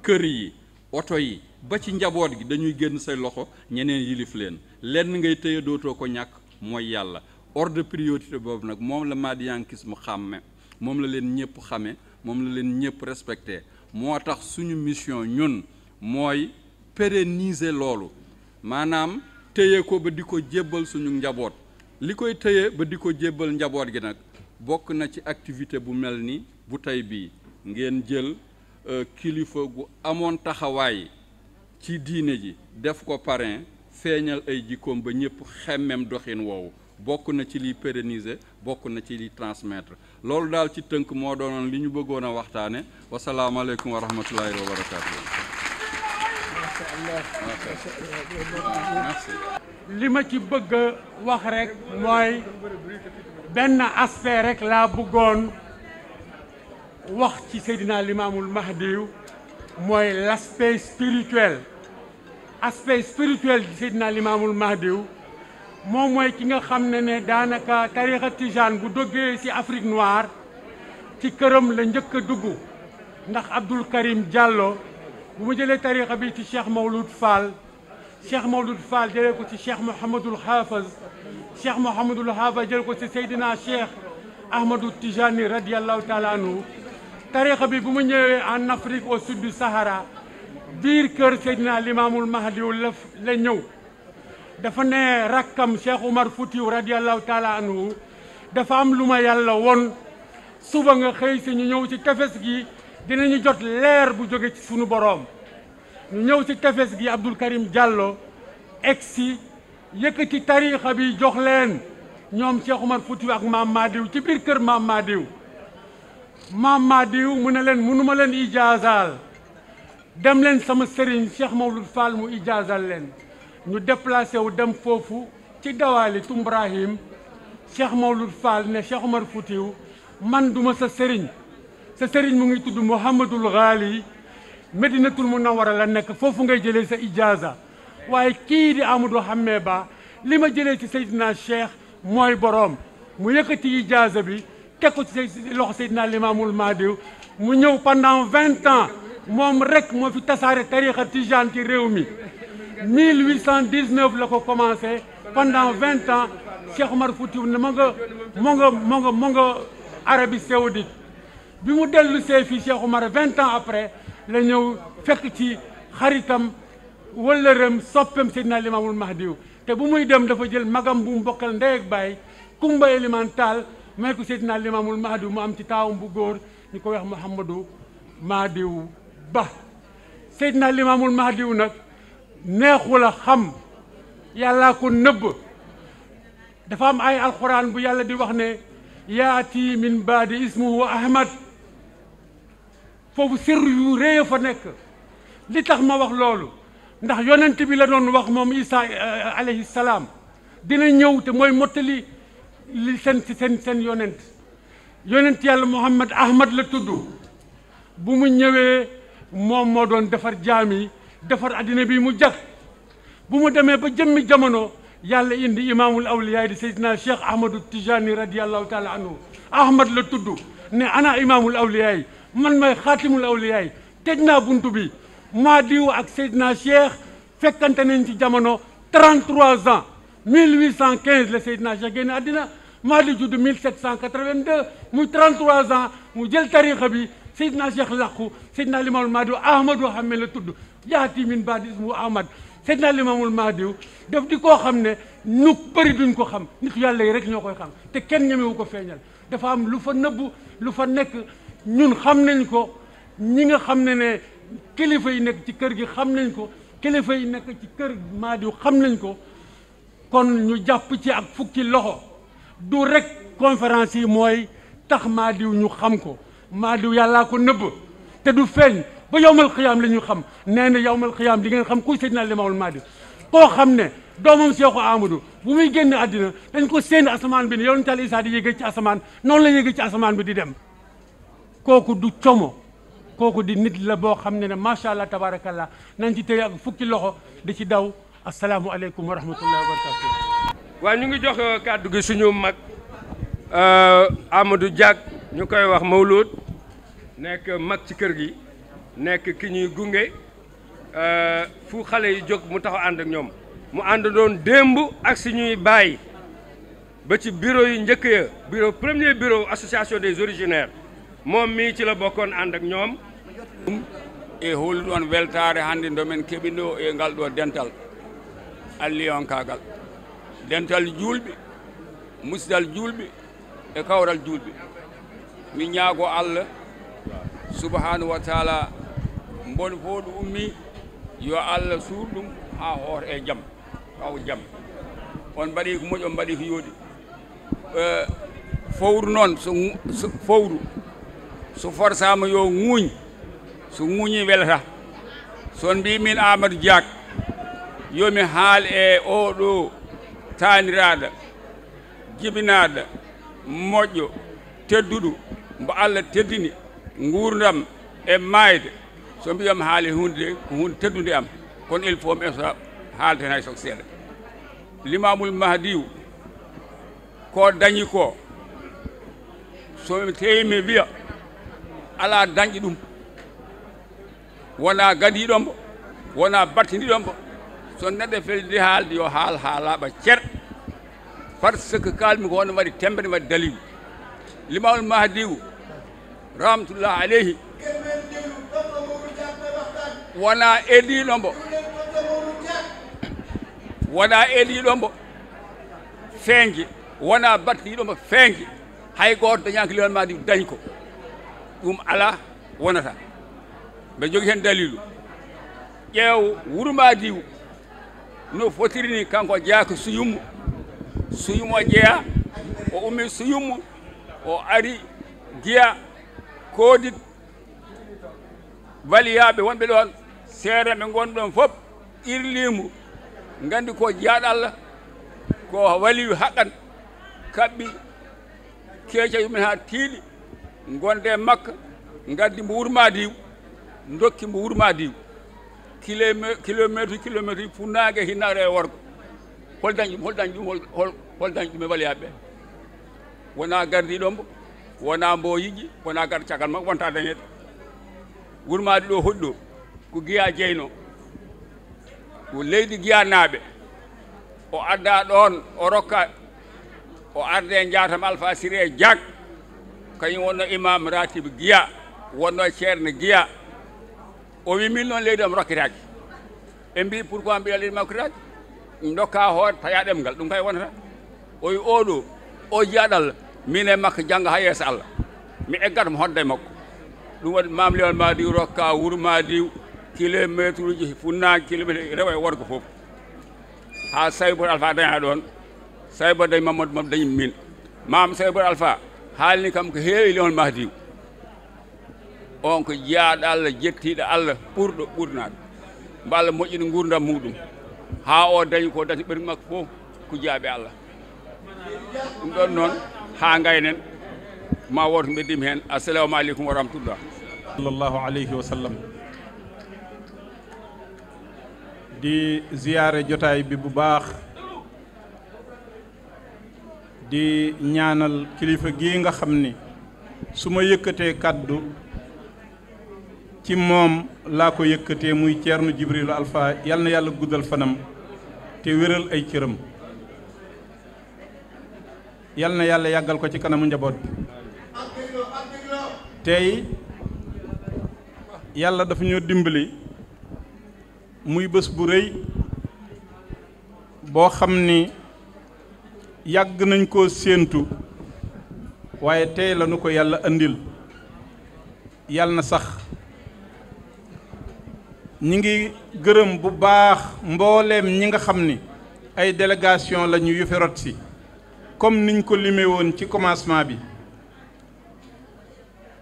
kër yi oto yi ba ci njaboot gi dañuy génn say loxo ñeneen yilif leen lenn ngay téye dootoo ko ñàkk mooy yàlla ordre de priorité boobu nag moom la mu xàmme moom la leen ñëpp xame moom la leen ñëpp respecté moo tax suñu mission ñun mooy pérenniser loolu maanaam téye ko ba di ko jébbal suñu njaboot li koy téye ba di ko jébbal njaboot gi nag bokk na ci activité bu mel ni bu tey bii ngeen jël euh, kilifa gu amoon taxawaay ci diine ji def ko parrain feeñal ay jikkoom ba ñëpp xemmem doxin woowu bokk na ci liy pérenniser bokk na ci liy transmettre loolu daal ci tënk moo doonoon li ñu bëggoon a waxtaane wasalaamaaleykum wa rahmatullahi wa barakaatu li ma ci bëgg a wax rekk mooy benn aspect rek laa bëggoon wax ci Seydina Limaamul Mahdiyu mooy l'aspect spirituel aspect spirituel ki nga xam ne ne daanaka tarixa tijaan bu doggee ci Afrique noire ci këram la njëkk a dugg ndax Abdul Karim Diallo bu ma jëlee tariqa bi ci cheikh Mawlud Fall cheikh Mawlud Fall jëlee ko ci cheikh Mouhamadul Haafaz cheikh Mouhamadul Haafaz jël ko ci Seydina cheikh Ahmadou Tijani radiallahu taala anhu tariqa bi bu ma ñëwee en Afrique au sud du Sahara biir kër Seydina Limaamul Mahdiw la la ñëw dafa ne rakkam cheikh Umar Foutiou radiallahu taala anhu dafa am lu ma yàlla woon suba nga xëy si ñu ñëw ci tefes gi dinañu jot leer bu jóge ci sunu boroom ñu ñëw ci tefes gi Abdoul Karim jàlloo egsi yëkkati tariixa bi jox leen ñoom Cheikh Oumar Foutiyou ak Maam Madiw ci biir kër Maam Madiw Maam Madiw mu ne leen mënuma leen ijaazaal dem leen sama sëriñ Cheikh Mawlud Fall mu ijaazaal leen ñu déplacé wu dem foofu ci dawaali Tumbrahim Cheikh Mawlud Fall ne Cheikh Oumar Foutiyou man duma sa sëriñ sa sëriñ mu ngi tudd Mouhamadul Ghali Medinatul Munawwara la nekk foofu ngay jëlee sa ijaza waaye kii di Amadou Hamme Ba li ma jëlee ci Seydina Cheikh mooy boroom mu yëkkati ijaza bi teg ko ci loxo Seydina Limaamul Mahdiw mu ñëw pendant vingt ans moom rek moo fi tasaare tarixa tijaan ci réew mi 1819 la ko commencé pendant vingt ans Cheikh Omar Foutiyou ne ma nga mo nga mo nga mo nga Arabie bi mu dellu see fii Cheikh Oumar vingt ans après la ñëw fekk ci xaritam wëllëram soppem Seydina Limaamul Mahdiw te bu muy dem dafa jël magam bu mu bokkal ndey ak baay Kumba Eliman Taal may ko Seydina Limaamul Mahdiw mu am ci taawam bu góor ñu ko wax Mouhamadou Mahdiw Ba Seydina Limaamul Mahdiw nag neexu la xam yàllaa ko nëbb dafa am ay alxuraan bu yàlla di wax ne yaati min baadi ismuhu Ahmad foofu sirru yu rëy fa nekk li tax ma wax loolu ndax yonent bi la doon wax moom Isa eh, alayhi salaam dina ñëw te mooy mottali li seen seen seen yonent yonent yàlla Muhammad Ahmad la tudd bu mu ñëwee moom moo doon defar jaam defar àddina bi mu jag bu mu demee ba jëmmi jamono yàlla indi imaamul awliya di Seydina Cheikh Ahmadou Tijani radiyallahu taala anhu Ahmad la tudd ne ana imaamul awliya man may xaatimul awliyaay tëj naa bunt bi maa diw ak Seydina Cheikh fekkante nañ ci jamono 33 ans 1815 la Seydina Cheikh génn àddina maa di judd 1782 muy 33 ans mu jël tarixa bi Seydina Cheikh làqu Seydina Limaamul Mahdi Ahmadou Hamel la tudd jaati min baadi ismu Ahmad Seydina Limaamul Mahdi daf di koo xam ne nu bëri duñ ko xam nit yàlla yi rek ñoo koy xam te kenn ñemewu ko feeñal dafa am lu fa nëbbu lu fa nekk ñun xam nañ ko ñi nga xam ne ne kilifa yi nekk ci kër gi xam nañ ko kilifa yi nekk ci kër Madiou xam nañ ko kon ñu jàpp ci ak fukki loxo du rek conférence yi mooy tax Madiou ñu xam ko Madiou yàllaa ko nëbb te du feeñ ba yowmal xiyaam la ñu xam nee na yowmal xiyaam di ngeen xam kuy Seydina Limaamul Mahdi koo xam ne doomam Seexu Amadou bu muy génn àddina dañ ko séen asamaan bi ne yonent Isaa di yéege ci asamaan noonu la yéege ci asamaan bi di dem kooku du como kooku di nit la boo xam ne ne macha allah tabarakallah nañ ci tëye ak fukki loxo di ci daw asalaamualeykum wa rahmatullahi wa barakatu ñu ngi jox euh, kàddu gi suñu mag euh, Amadou Diak ñu koy wax Mawlud nekk mag ci kër gi nekk ki ñuy gunge euh, fu xale yi jóg mu taxaw ànd ak ñoom mu ànd doon démb ak suñuy bàyyi ba ci bureau yu njëkk ya bureau premier bureau association des originaires moom mii ci la bokkoon ànd ñoom e holluɗon weltare hannde domin keɓino e ngal ɗo dental alliyonkagal dental julɓe musdal julɓe e kawral julɓe min ñaago allah subahanahu wa mbon fof ɗo ummi yo allah suur ɗum haa hoto e jam on mbaɗi ko on mbaɗi yooɗi fowru noon so fowru so forçama yo ŋuuñ so ŋuuñi welata son mbimin amadou diak yomi haal e oɗo taniraɗo jibinaɗo moƴƴo tedduɗo mbo allah teddini gurdam e mayde so mbiyam haali hunde de ko hunde teddude am kono il faut mi esa haalde hen hay sok seeɗa limamul mahdiw ko dañi ko somi wiya ala dañƴi ɗum wona gandiɗon mbo wona battidiɗon mbo so neɗɗo feldi haalde yo haal haalaɓa cer par ce que kalmi ko hono waɗi tembere waɗi dalilu limawol mahdiwu rahmatullah aleyhi wona eliɗo mbo wona eliɗo mbo feeñje wona hay goto dañaki limawol mahdiwu dañi ɗum alaa wonata mbeɗa jogii heen dalilu ƴeew wuro no fotiri ni kanko jeyaaki suyummo suyummo jeya o ummi suyummo o ari giya koodit baliyaaɓe wonɓe ɗoon seereɓe ngon ɗon fof irliimo nganndi ko jeyaaɗo allah ko waliwi haqqan kaɓɓi keeca yumen haa tiiɗi gonde makka gaddi mbo wurma diw mbo wurma diw kilométre uji kilométre uji funnaange e hinnaare e worgo hol dañi ɗum hol dañi ɗum hol dañi ɗum e waliyaɓe ɓe wona ɗo hoɗi ɗo ko giya jeyno ko leydi giya naaɓe o adda ɗon o rokka o arde e jaatam alpha siré diag e kañum wonno imam ratib giya wonno ceerno giya o wimmin noon leydi om rokkitaaki ɓe mbi pourquoi mbiya leydi ma rokkitaaki ɗum dokka hoore tawa ɗemngal ɗum kay wonata o wi oɗo o jiyaɗal min e makko jannga ha yeeso allah mi eggat mo hodda makko ɗum waɗi mamlewal madiw rokka wuro madiw kilométre e funnaaki kilométre e rewa e worgo fof ha sayboto alpha daña ɗon saybo dañ mamadou mam dañi min mam sayboto alpha haalni kam ko heewili on mahdiw on ko jeyaaɗo allah jettiiɗo allah ɓurɗo ɓurnaade mbo allah moƴƴino nguurdam muɗum haa o dañi ko dañi ɓerɗi makko ko jeyaaɓe allah ɗum ɗon noon haa ngaynen ma woto mbeddima heen assalamu aleykum wa rahmatullah sallllahu aleyhi wa sallam di ziyaare bi bu baax di ñaanal kilifa gi nga xam ni su ma yëkkatee kàddu ci moom laa ko yëkkatee muy Ceerno Jibril Alpha yal na yàlla guddal fanam te wéral ay cëram yal na yàlla yàggal ko ci kanamu njaboot tey yàlla dafa ñoo dimbali muy bés bu rëy boo xam ni yàgg nañ ko séentu waaye tey la ko yàlla indil yàlla na sax ñi ngi gërëm bu baax mbooleem ñi nga xam ni ay délégation lañu ñu yu rot si comme niñ ko lime woon ci commencement bi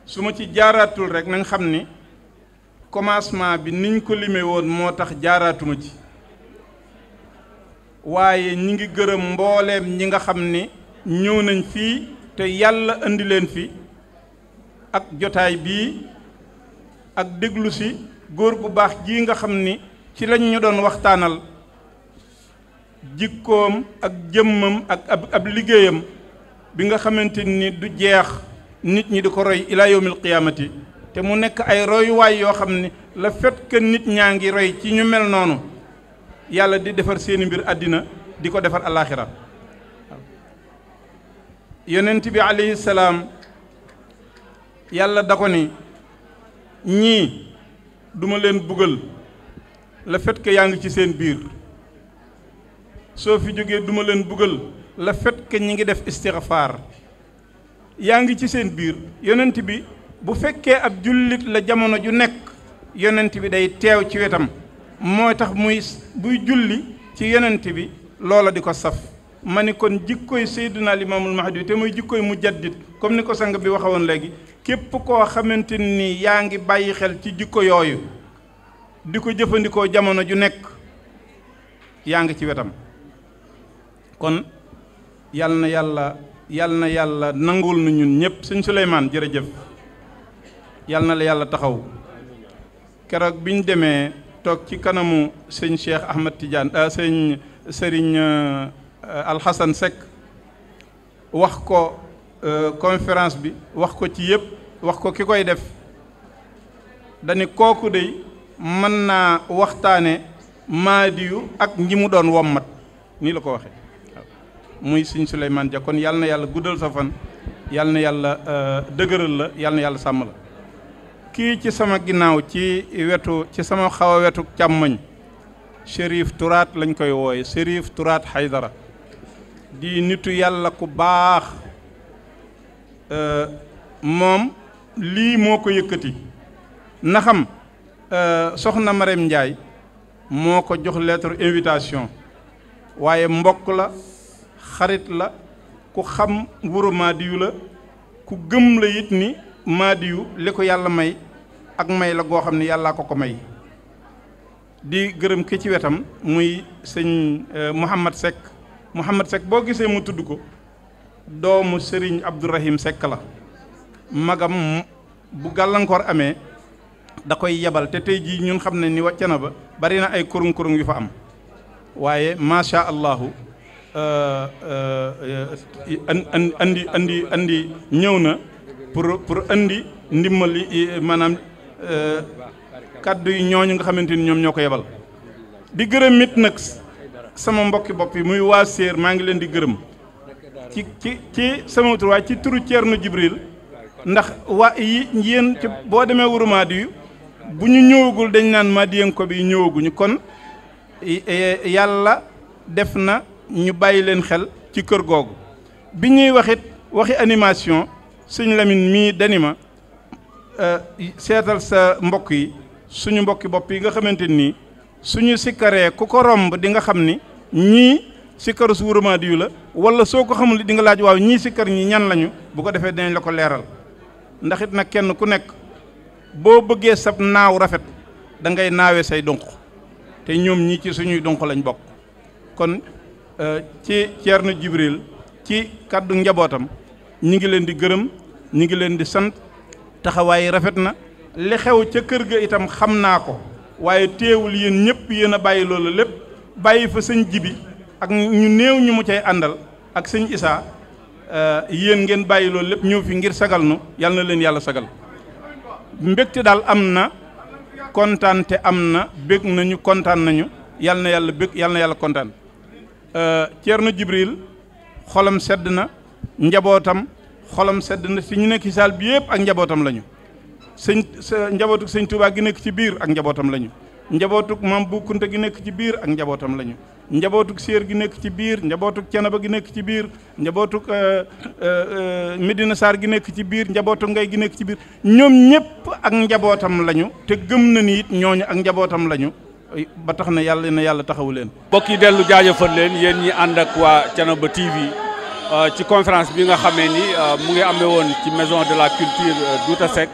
su ma ci jaaraatul rek na nga xam ni commencement bi niñ ko lime woon moo tax jaaraatuma ci waaye ñi ngi gërëm mbooleem ñi nga xam ni ñëw nañ fii te yàlla indi leen fi ak jotaay bii ak déglu si góor bu baax ji nga xam ni ci lañ ñu doon waxtaanal jikkoom ak jëmmam ak ab ab liggéeyam bi nga xamante ni du jeex nit ñi di ko roy ilaa yawmil qiyaamati te mu nekk ay royuwaay yoo xam ni la fait nit ñaa ngi roy ci ñu mel noonu yàlla di defar seeni mbir àddina di ko defar alaaxira yonent bi alayhi salaam yàlla da ko ni ñii duma leen bugal le fait yaa ngi ci seen biir soo fi jógee duma leen bugal la fait que ñi ngi def istixfaar yaa ngi ci seen biir yonent bi bu fekkee ab jullit la jamono ju nekk yonent bi day teew ci wetam moo tax muy buy julli ci yonent bi loola di ko saf ma ni kon jikkoy Seydina Limaamul Mahdi te mooy jikkoy mu jaddit comme ni ko sang bi waxa woon léegi képp koo xamante ni yaa ngi bàyyi xel ci jikko yooyu di ko jëfandikoo jamono ju nekk yaa ngi ci wetam kon yal na yàlla yal na yàlla nangul nu ñun ñëpp sëñ Souleymane jërëjëf yal na la yàlla taxaw keroog bi ñu demee. toog ci kanamu sëñ Cheikh Ahmad Tidiane euh, sëñ sëriñ euh, Alxasan Seck wax ko euh, conférence bi wax ko ci yëpp wax ko ki koy def dani kooku dey mën naa waxtaane maadiyu ak ñi mu doon mat nii la ko waxee muy sëñ Souleymane Dia kon yàlla na yàlla guddal sa fan yàlla na yàlla dëgëral la yàlla na yàlla sàmm la kii ci sama ginnaaw ci wetu ci sama xaw wetu càmmoñ Chérif Touraat lañ koy wooye Chérif Touraat Haydara di nitu yàlla ku baax euh, moom lii moo ko yëkkati na xam euh, soxna Marème Ndiaye moo ko jox lettre invitation waaye mbokk la xarit la ku xam wuramaadiyu la ku gëm la it ni maadiyu li ko yàlla may ak may la goo xam ne yàllaa ko ko may di gërëm ki ci wetam muy sëñ eh, Mouhamad Seck Mouhamad Seck boo gisee mu tudd ko doomu sëriñ Abdourahim sekk la magam bu gàllankoor amee da koy yebal te tey jii ñun xam ne ni wàcce na ba bari na ay kurung kurung yu fa am waaye macha allahu eh, eh, andi andi andi ñëw na pour pour indi ndimbal yi euh, kàddu kaddu yi ñooñu nga xamante ni ñoom ñoo ko yebal di gërëm it nag sama mbokki bopp yi muy waa séer maa ngi leen di gërëm ci ci ci sama tur waaye ci turu Thierno Jibril ndax waa yi yéen ci boo demee Wuro Madiou bu ñu ñëwagul dañ naan Madieng ko bi ñëwaguñu kon e, yàlla def na ñu bàyyi leen xel ci kër googu bi ñuy waxit waxi animation suñ lemin mii dani ma e, seetal sa mbokk yi suñu mbokki bopp yi nga xamante nii suñu sikkaree ku ko romb di nga xam ni ñii sikkaru su wurama diyu la wala soo ko xamul di nga laaj waaw ñii sikkar ñi ñan lañu bu ko defee dinañ la ko leeral ndax it nag kenn ku nekk boo bëggee sab naaw rafet da ngay naawee say dunq te ñoom ñii ci suñuy donq lañ bokk kon e, ci Ceerno Jibril ci kàddu njabootam ñi ngi leen di gërëm ñi ngi leen di sant taxawaay rafet na li xew ca kër ga itam xam naa ko waaye teewul yéen ñëpp yéen a bàyyi la lépp bàyyi fa sëñ jibi ak ñu néew ñu mu cay àndal ak sëñ isaa euh, yéen ngeen bàyyi loolu lépp ñëw fi ngir sagal nu yal na leen yàlla sagal mbégte daal am na kontaante am na bég nañu kontaan nañu yal na yàlla bég yal na yàlla kontaan Ceerno euh, Jibril xolam sedd na njabootam xolam sedd na ci ñu nekk ci bi yëpp ak njabootam lañu sëñ njabootuk sëñ Touba gi nekk ci biir ak njabootam lañu njabootuk maam Bu gi nekk ci biir ak njabootam lañu njabootuk séer gi nekk ci biir njabootuk Cenaba gi nekk ci biir njabootuk euh, euh, euh, Medina Sarr gi nekk ci biir njabootuk Ngay gi nekk ci biir ñoom ñëpp ak njabootam lañu te gëm na ni it ñooñu ak njabootam lañu ba tax na yàlla na yàlla taxawu leen. mbokk yi dellu jaajëfal leen yéen ñi ànd ak waa Cenaba TV. Euh, ci conférence bi nga xamee ni euh, mu ngi amee woon ci maison de la culture euh, Douta Seck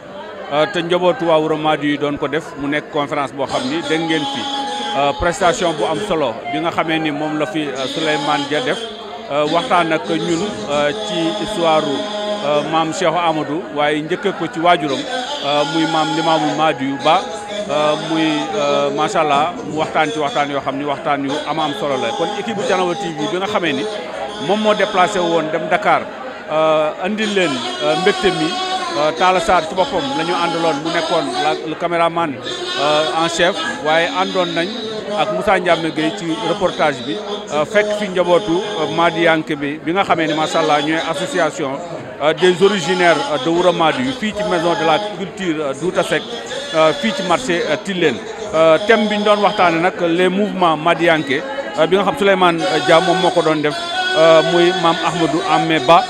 te njabootu waa Wuro Madiou yi doon ko def mu nekk conférence boo xam ni dégg ngeen fi prestation bu am solo bi nga xamee ni moom la fi Souleymane Dia def waxtaan ak ñun ci histoire maam Cheikh Amadou waaye njëkkee ko ci waajuram muy maam Limaamu Madiou Ba. Euh, muy euh, macha allah mu waxtaan si waxtaan yoo xam ni waxtaan yu am am solo la kon équipe bu Thiénaba TV bi nga xamee ni moom moo déplacé woon dem Dakar euh, andil leen mbégte mi Talla Sarr ci boppam la ñu mu nekkoon le man en chef waaye àndoon nañ ak Moussa Ndiame Gueye ci reportage bi fekk fi njabootu Madiyanke bi bi nga xamee ni macha allah ñooy association. Euh, des originaires euh, de Wouramadu fii ci maison de la culture euh, Douta Seck fii ci marché Tilène thème bi ñu doon waxtaane nag les mouvements madianke bi nga xam Souleymane Dia moom moo ko doon def muy maam Ahmadou Amme Ba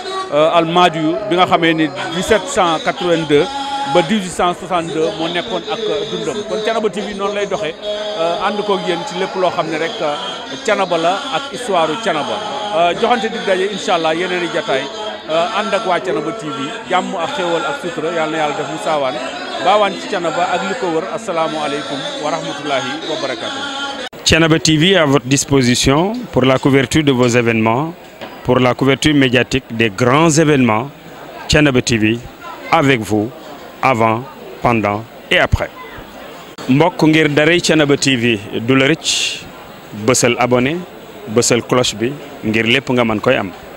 al Madiou bi nga xamee ni 1782 ba 1862 moo nekkoon ak dundam kon Thiénaba TV noonu lay doxee ànd koog yéen ci lépp loo xam ne rek Thiénaba la ak histoire Thiénaba joxante di daje incha allah yeneen i jataay Euh, ànd ak waa Thiénaba TV jàmm ak xéewal ak sutura yàlla na yàlla saawaan baawaan ci Thiénaba ak li ko wër asalaamualeykum wa rahmatullahi wa barakatu TV disposition pour la couverture de vos pour la couverture médiatique des grands événements Thiénaba TV avec vous avant pendant et après mbokk ngir daray Thiénaba TV du la rëcc bësal abonné bësal cloche bi ngir lépp nga man koy am